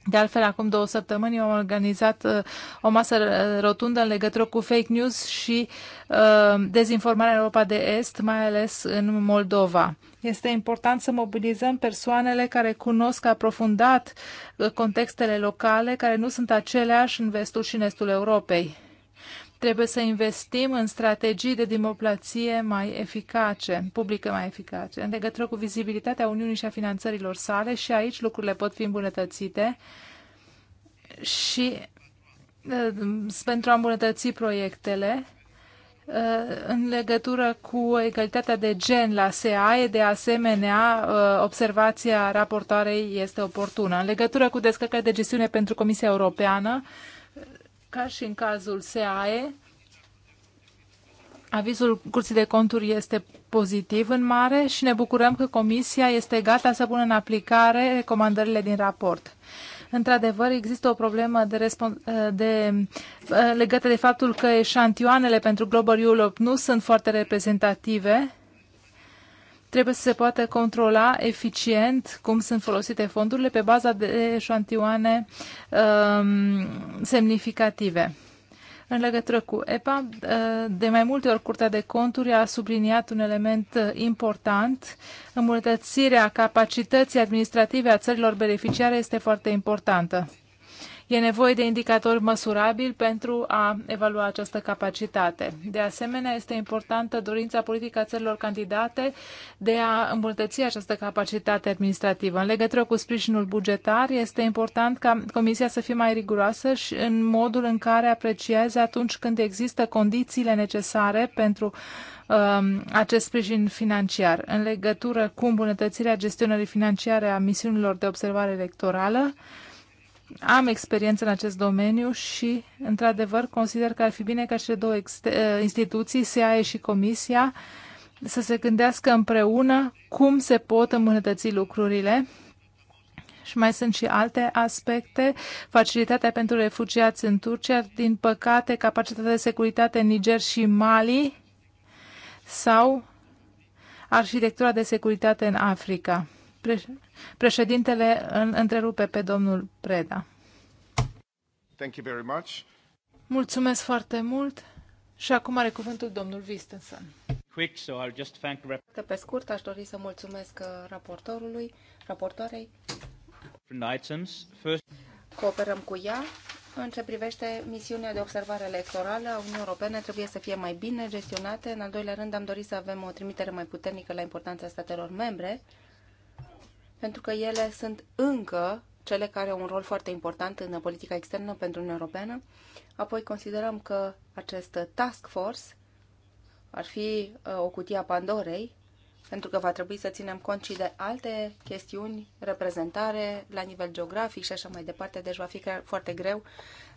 de altfel, acum două săptămâni am organizat uh, o masă rotundă în legătură cu fake news și uh, dezinformarea în Europa de Est, mai ales în Moldova. Este important să mobilizăm persoanele care cunosc aprofundat uh, contextele locale, care nu sunt aceleași în vestul și în estul Europei. Trebuie să investim în strategii de democrație mai eficace, publică mai eficace, în legătură cu vizibilitatea Uniunii și a finanțărilor sale și aici lucrurile pot fi îmbunătățite și uh, pentru a îmbunătăți proiectele uh, în legătură cu egalitatea de gen la SEAE, de asemenea, uh, observația raportoarei este oportună. În legătură cu descărcarea de gestiune pentru Comisia Europeană, ca și în cazul SAE, avizul Curții de Conturi este pozitiv în mare și ne bucurăm că Comisia este gata să pună în aplicare recomandările din raport. Într-adevăr, există o problemă de de, eh, legată de faptul că eșantioanele pentru Global Europe nu sunt foarte reprezentative Trebuie să se poată controla eficient cum sunt folosite fondurile pe baza de eșantioane um, semnificative. În legătură cu EPA, uh, de mai multe ori Curtea de Conturi a subliniat un element uh, important. Îmbunătățirea capacității administrative a țărilor beneficiare este foarte importantă. E nevoie de indicatori măsurabili pentru a evalua această capacitate. De asemenea, este importantă dorința politică a țărilor candidate de a îmbunătăți această capacitate administrativă. În legătură cu sprijinul bugetar, este important ca Comisia să fie mai riguroasă și în modul în care apreciază atunci când există condițiile necesare pentru um, acest sprijin financiar. În legătură cu îmbunătățirea gestionării financiare a misiunilor de observare electorală, am experiență în acest domeniu și, într-adevăr, consider că ar fi bine ca cele două ă, instituții, SEAE și Comisia, să se gândească împreună cum se pot îmbunătăți lucrurile. Și mai sunt și alte aspecte. Facilitatea pentru refugiați în Turcia, din păcate, capacitatea de securitate în Niger și Mali sau arhitectura de securitate în Africa. Președintele întrerupe pe domnul Preda. Thank you very much. Mulțumesc foarte mult. Și acum are cuvântul domnul Vistenson. Quick, so I'll just thank... Pe scurt, aș dori să mulțumesc uh, raportorului, raportoarei. Items. First... Cooperăm cu ea. În ce privește misiunea de observare electorală a Uniunii Europene trebuie să fie mai bine gestionate. În al doilea rând, am dorit să avem o trimitere mai puternică la importanța statelor membre pentru că ele sunt încă cele care au un rol foarte important în politica externă pentru Uniunea Europeană. Apoi considerăm că acest task force ar fi uh, o cutie a Pandorei, pentru că va trebui să ținem cont și de alte chestiuni, reprezentare la nivel geografic și așa mai departe, deci va fi foarte greu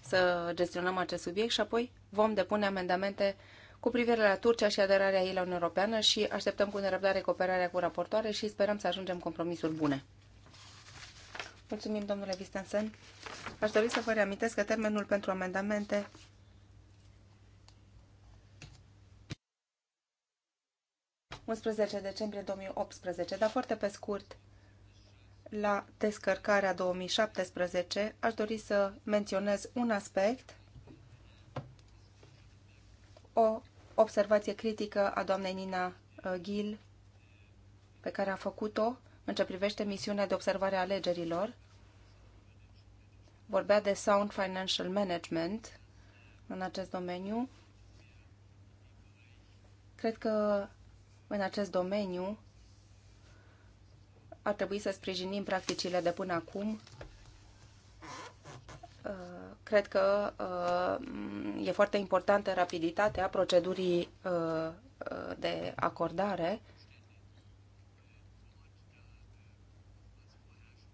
să gestionăm acest subiect și apoi vom depune amendamente cu privire la Turcia și aderarea ei la Uniunea Europeană și așteptăm cu nerăbdare cooperarea cu raportoare și sperăm să ajungem compromisuri bune. Mulțumim, domnule Vistensen. Aș dori să vă reamintesc că termenul pentru amendamente ...11 decembrie 2018, dar foarte pe scurt, la descărcarea 2017, aș dori să menționez un aspect o observație critică a doamnei Nina uh, Gil, pe care a făcut-o în ce privește misiunea de observare a alegerilor. Vorbea de sound financial management în acest domeniu. Cred că în acest domeniu ar trebui să sprijinim practicile de până acum Uh, cred că uh, e foarte importantă rapiditatea procedurii uh, de acordare.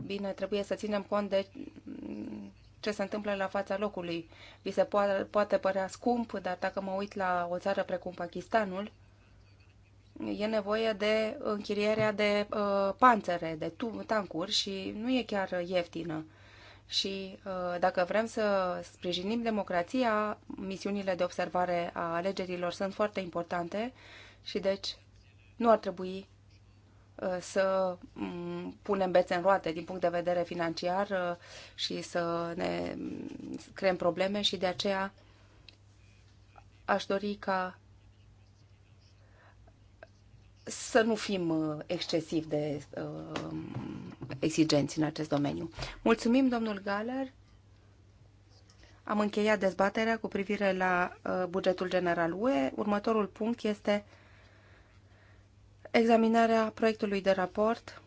Bine, trebuie să ținem cont de mm, ce se întâmplă la fața locului. Vi se poate, părea scump, dar dacă mă uit la o țară precum Pakistanul, e nevoie de închirierea de uh, panțere, de tancuri și nu e chiar ieftină. Uh, și uh, dacă vrem să sprijinim democrația, misiunile de observare a alegerilor sunt foarte importante și deci nu ar trebui uh, să mm, punem bețe în roate din punct de vedere financiar uh, și să ne mm, creăm probleme și de aceea aș dori ca să nu fim uh, excesiv de uh, exigenți în acest domeniu. Mulțumim, domnul Galer. Am încheiat dezbaterea cu privire la uh, bugetul general UE. Următorul punct este examinarea proiectului de raport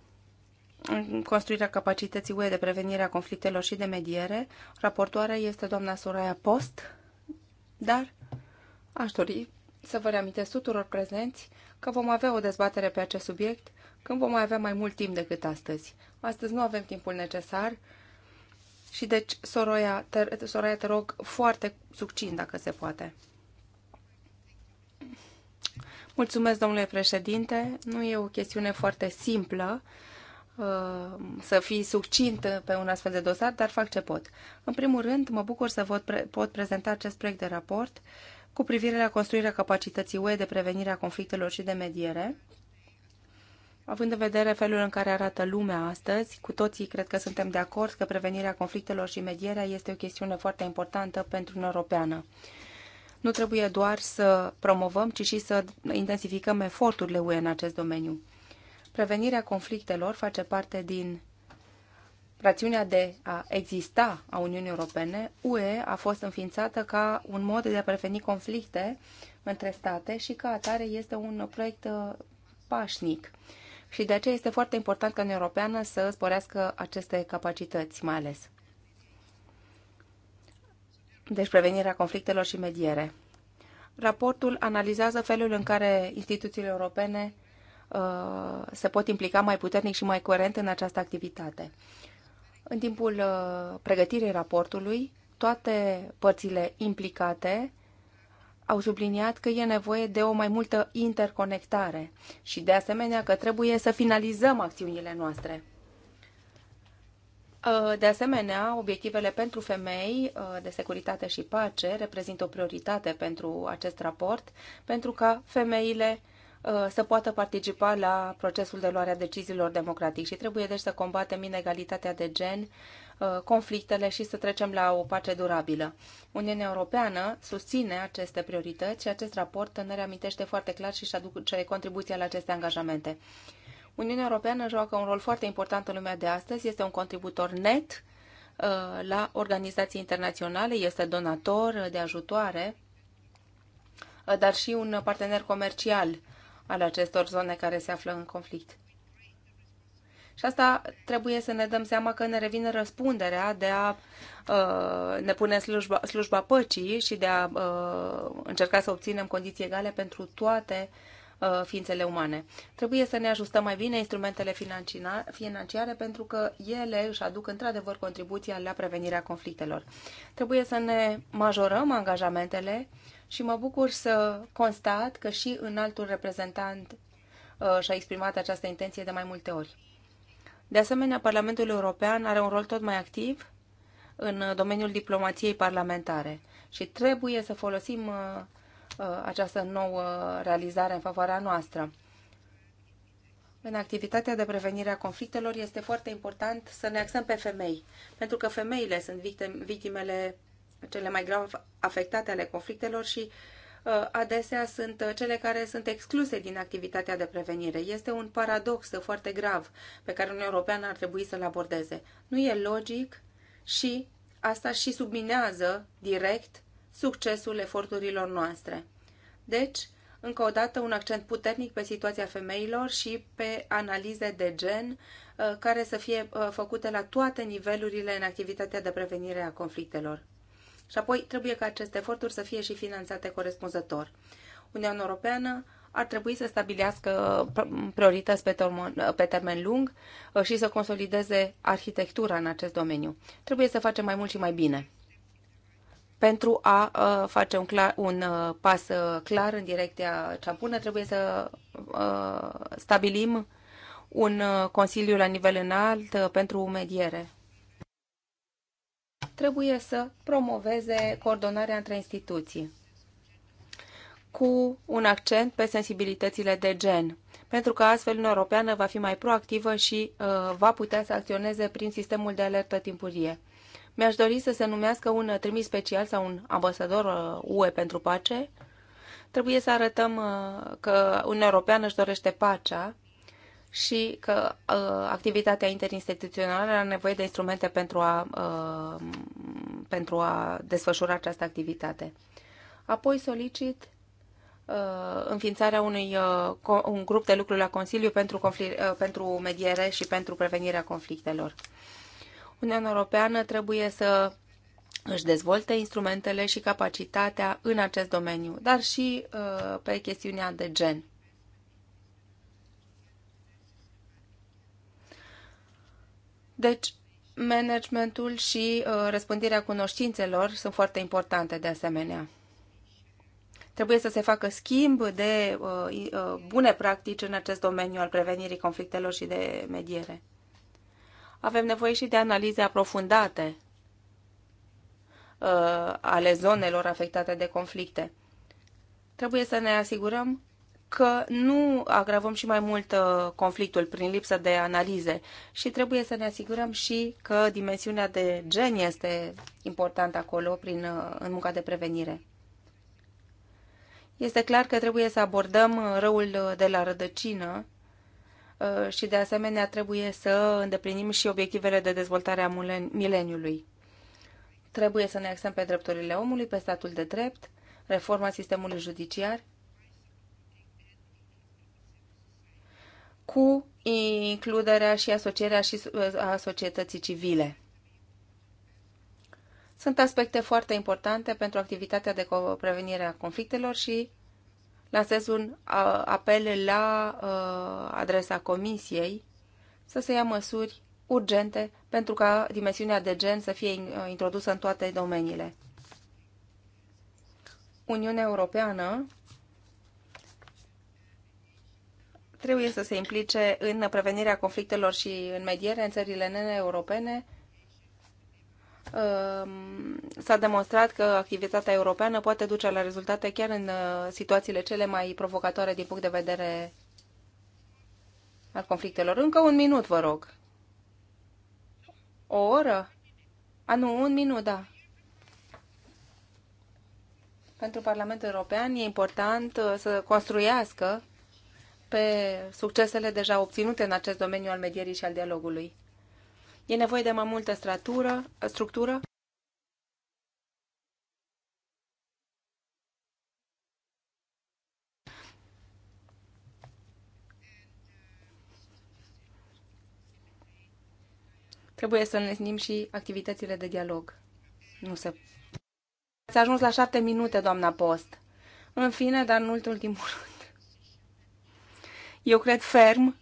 construirea capacității UE de prevenire a conflictelor și de mediere. Raportoarea este doamna Soraya Post, dar aș dori să vă reamintesc tuturor prezenți că vom avea o dezbatere pe acest subiect când vom mai avea mai mult timp decât astăzi. Astăzi nu avem timpul necesar și deci, Soroia, te, Soroia, te rog foarte succint, dacă se poate. Mulțumesc, domnule președinte. Nu e o chestiune foarte simplă uh, să fii succint pe un astfel de dosar, dar fac ce pot. În primul rând, mă bucur să pot, pre pot prezenta acest proiect de raport cu privire la construirea capacității UE de prevenire a conflictelor și de mediere. Având în vedere felul în care arată lumea astăzi, cu toții cred că suntem de acord că prevenirea conflictelor și medierea este o chestiune foarte importantă pentru Uniunea Europeană. Nu trebuie doar să promovăm, ci și să intensificăm eforturile UE în acest domeniu. Prevenirea conflictelor face parte din rațiunea de a exista a Uniunii Europene, UE a fost înființată ca un mod de a preveni conflicte între state și ca atare este un proiect uh, pașnic. Și de aceea este foarte important ca Uniunea Europeană să sporească aceste capacități, mai ales. Deci prevenirea conflictelor și mediere. Raportul analizează felul în care instituțiile europene uh, se pot implica mai puternic și mai coerent în această activitate. În timpul uh, pregătirii raportului, toate părțile implicate au subliniat că e nevoie de o mai multă interconectare și, de asemenea, că trebuie să finalizăm acțiunile noastre. Uh, de asemenea, obiectivele pentru femei uh, de securitate și pace reprezintă o prioritate pentru acest raport, pentru ca femeile Uh, să poată participa la procesul de luare a deciziilor democratic și trebuie deci să combatem inegalitatea de gen, uh, conflictele și să trecem la o pace durabilă. Uniunea Europeană susține aceste priorități și acest raport ne reamintește foarte clar și își aduce contribuția la aceste angajamente. Uniunea Europeană joacă un rol foarte important în lumea de astăzi, este un contributor net uh, la organizații internaționale, este donator de ajutoare, dar și un partener comercial al acestor zone care se află în conflict. Și asta trebuie să ne dăm seama că ne revine răspunderea de a uh, ne pune în slujba, slujba păcii și de a uh, încerca să obținem condiții egale pentru toate uh, ființele umane. Trebuie să ne ajustăm mai bine instrumentele financiare pentru că ele își aduc într-adevăr contribuția la prevenirea conflictelor. Trebuie să ne majorăm angajamentele și mă bucur să constat că și în altul reprezentant uh, și-a exprimat această intenție de mai multe ori. De asemenea, Parlamentul European are un rol tot mai activ în uh, domeniul diplomației parlamentare și trebuie să folosim uh, această nouă realizare în favoarea noastră. În activitatea de prevenire a conflictelor este foarte important să ne axăm pe femei, pentru că femeile sunt victimele cele mai grav afectate ale conflictelor și uh, adesea sunt uh, cele care sunt excluse din activitatea de prevenire. Este un paradox foarte grav pe care Uniunea Europeană ar trebui să-l abordeze. Nu e logic și asta și subminează direct succesul eforturilor noastre. Deci, încă o dată, un accent puternic pe situația femeilor și pe analize de gen uh, care să fie făcute la toate nivelurile în activitatea de prevenire a conflictelor. Și apoi trebuie ca aceste eforturi să fie și finanțate corespunzător. Uniunea Europeană ar trebui să stabilească priorități pe termen, pe termen lung uh, și să consolideze arhitectura în acest domeniu. Trebuie să facem mai mult și mai bine pentru a uh, face un, clar, un uh, pas clar în direcția cea bună. Trebuie să stabilim un consiliu la nivel înalt pentru mediere trebuie să promoveze coordonarea între instituții cu un accent pe sensibilitățile de gen, pentru că astfel Uniunea Europeană va fi mai proactivă și uh, va putea să acționeze prin sistemul de alertă timpurie. Mi-aș dori să se numească un trimis special sau un ambasador uh, UE pentru pace. Trebuie să arătăm uh, că Uniunea Europeană își dorește pacea și că uh, activitatea interinstituțională are nevoie de instrumente pentru a, uh, pentru a desfășura această activitate. Apoi solicit uh, înființarea unui uh, un grup de lucru la Consiliu pentru, conflict, uh, pentru mediere și pentru prevenirea conflictelor. Uniunea Europeană trebuie să își dezvolte instrumentele și capacitatea în acest domeniu, dar și uh, pe chestiunea de gen. Deci, managementul și uh, răspândirea cunoștințelor sunt foarte importante de asemenea. Trebuie să se facă schimb de uh, uh, bune practici în acest domeniu al prevenirii conflictelor și de mediere. Avem nevoie și de analize aprofundate uh, ale zonelor afectate de conflicte. Trebuie să ne asigurăm că nu agravăm și mai mult uh, conflictul prin lipsă de analize și trebuie să ne asigurăm și că dimensiunea de gen este importantă acolo prin, uh, în munca de prevenire. Este clar că trebuie să abordăm uh, răul de la rădăcină și de asemenea trebuie să îndeplinim și obiectivele de dezvoltare a mileniului. Trebuie să ne axăm pe drepturile omului, pe statul de drept, reforma sistemului judiciar cu includerea și asocierea și uh, a societății civile. Sunt aspecte foarte importante pentru activitatea de prevenire a conflictelor și lasez un uh, apel la uh, adresa Comisiei să se ia măsuri urgente pentru ca dimensiunea de gen să fie introdusă în toate domeniile. Uniunea Europeană trebuie să se implice în prevenirea conflictelor și în mediere în țările nene-europene. Ehm, s-a demonstrat că activitatea europeană poate duce la rezultate chiar în uh, situațiile cele mai provocatoare din punct de vedere al conflictelor. Încă un minut, vă rog. O oră? A, nu, un minut, da. Pentru Parlamentul European e important uh, să construiască pe succesele deja obținute în acest domeniu al medierii și al dialogului. E nevoie de mai multă stratură, structură. Trebuie să înlesnim și activitățile de dialog. Nu se... Ați ajuns la șapte minute, doamna Post. În fine, dar în ultimul rând. Eu cred ferm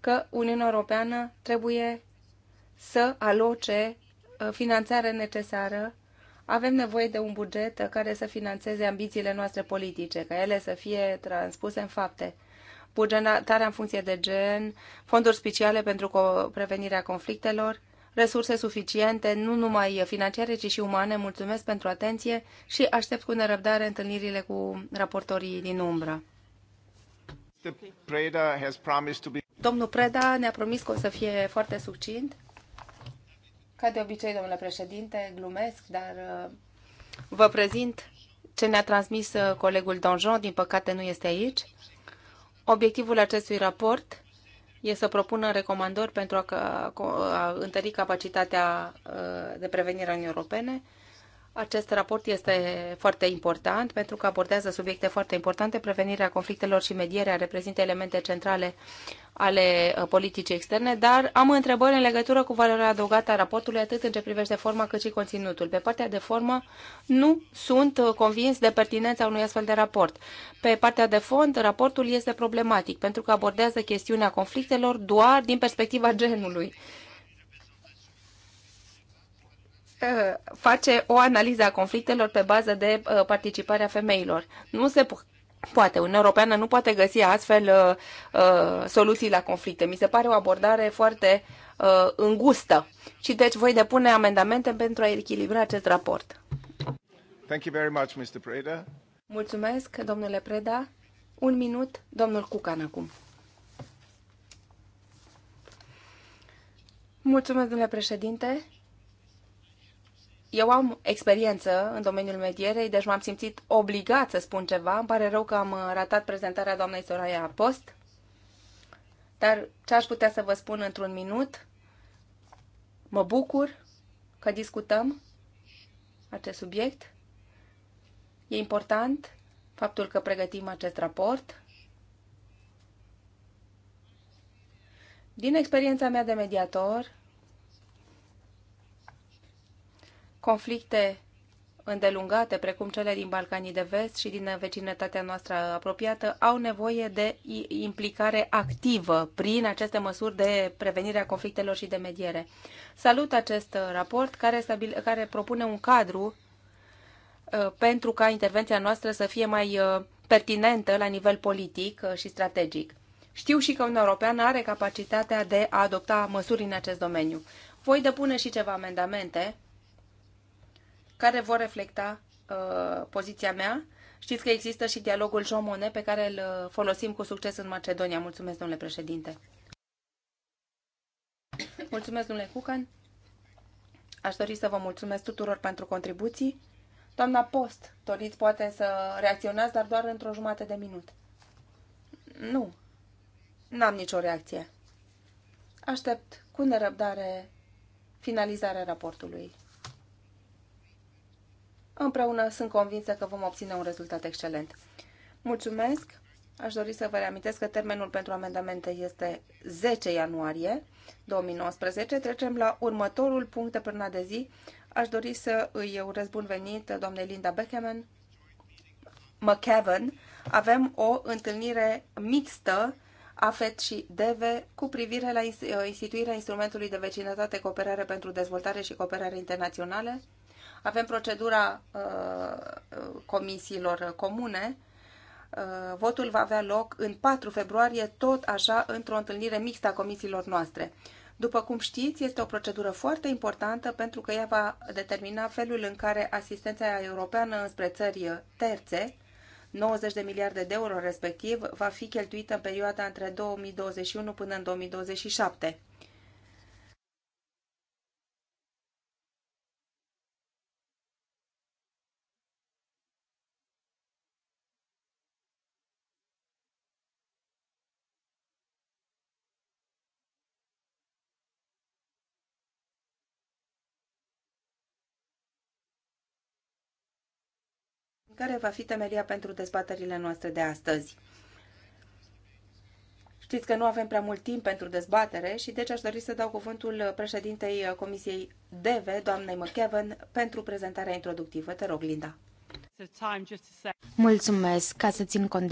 că Uniunea Europeană trebuie să aloce uh, finanțarea necesară. Avem nevoie de un buget care să financeze ambițiile noastre politice, ca ele să fie transpuse în fapte. Bugetarea în funcție de gen, fonduri speciale pentru prevenirea conflictelor, resurse suficiente, nu numai financiare, ci și umane. Mulțumesc pentru atenție și aștept cu nerăbdare întâlnirile cu raportorii din umbră. Domnul Preda ne-a promis că o să fie foarte succint. Ca de obicei, domnule președinte, glumesc, dar uh, vă prezint ce ne-a transmis uh, colegul Donjon, din păcate nu este aici. Obiectivul acestui raport este să propună recomandări pentru a, a întări capacitatea uh, de prevenire a Uniunii Europene acest raport este foarte important pentru că abordează subiecte foarte importante. Prevenirea conflictelor și medierea reprezintă elemente centrale ale uh, politicii externe, dar am întrebări în legătură cu valoarea adăugată a raportului, atât în ce privește forma cât și conținutul. Pe partea de formă, nu sunt uh, convins de pertinența unui astfel de raport. Pe partea de fond, raportul este problematic pentru că abordează chestiunea conflictelor doar din perspectiva genului Uh, face o analiză a conflictelor pe bază de uh, participarea femeilor. Nu se poate. Uniunea Europeană nu poate găsi astfel uh, uh, soluții la conflicte. Mi se pare o abordare foarte uh, îngustă și deci voi depune amendamente pentru a echilibra acest raport. Thank you very much, Mr. Preda. Mulțumesc, domnule Preda. Un minut, domnul Cucan acum. Mulțumesc, domnule președinte eu am experiență în domeniul medierei, deci m-am simțit obligat să spun ceva. Îmi pare rău că am uh, ratat prezentarea doamnei Soraya Post. Dar ce aș putea să vă spun într-un minut? Mă bucur că discutăm acest subiect. E important faptul că pregătim acest raport. Din experiența mea de mediator, conflicte îndelungate, precum cele din Balcanii de Vest și din vecinătatea noastră apropiată, au nevoie de implicare activă prin aceste măsuri de prevenire a conflictelor și de mediere. Salut acest raport care, stabil, care propune un cadru uh, pentru ca intervenția noastră să fie mai uh, pertinentă la nivel politic uh, și strategic. Știu și că Uniunea Europeană are capacitatea de a adopta măsuri în acest domeniu. Voi depune și ceva amendamente care vor reflecta uh, poziția mea. Știți că există și dialogul Jean Monnet pe care îl uh, folosim cu succes în Macedonia. Mulțumesc, domnule președinte. Mulțumesc, domnule Cucan. Aș dori să vă mulțumesc tuturor pentru contribuții. Doamna Post, doriți poate să reacționați, dar doar într-o jumătate de minut. Nu, n-am nicio reacție. Aștept cu nerăbdare finalizarea raportului. Împreună sunt convinsă că vom obține un rezultat excelent. Mulțumesc! Aș dori să vă reamintesc că termenul pentru amendamente este 10 ianuarie 2019. Trecem la următorul punct de până de zi. Aș dori să îi urez bun venit doamnei Linda Beckeman, McKevin. Avem o întâlnire mixtă AFET și DEVE cu privire la instituirea instrumentului de vecinătate, cooperare pentru dezvoltare și cooperare internaționale avem procedura uh, comisiilor comune. Uh, votul va avea loc în 4 februarie, tot așa într-o întâlnire mixtă a comisiilor noastre. După cum știți, este o procedură foarte importantă pentru că ea va determina felul în care asistența europeană înspre țări terțe, 90 de miliarde de euro respectiv, va fi cheltuită în perioada între 2021 până în 2027. care va fi temelia pentru dezbaterile noastre de astăzi. Știți că nu avem prea mult timp pentru dezbatere și deci aș dori să dau cuvântul președintei Comisiei DV, doamnei McKevin, pentru prezentarea introductivă. Te rog, Linda. Mulțumesc. Ca să țin cont de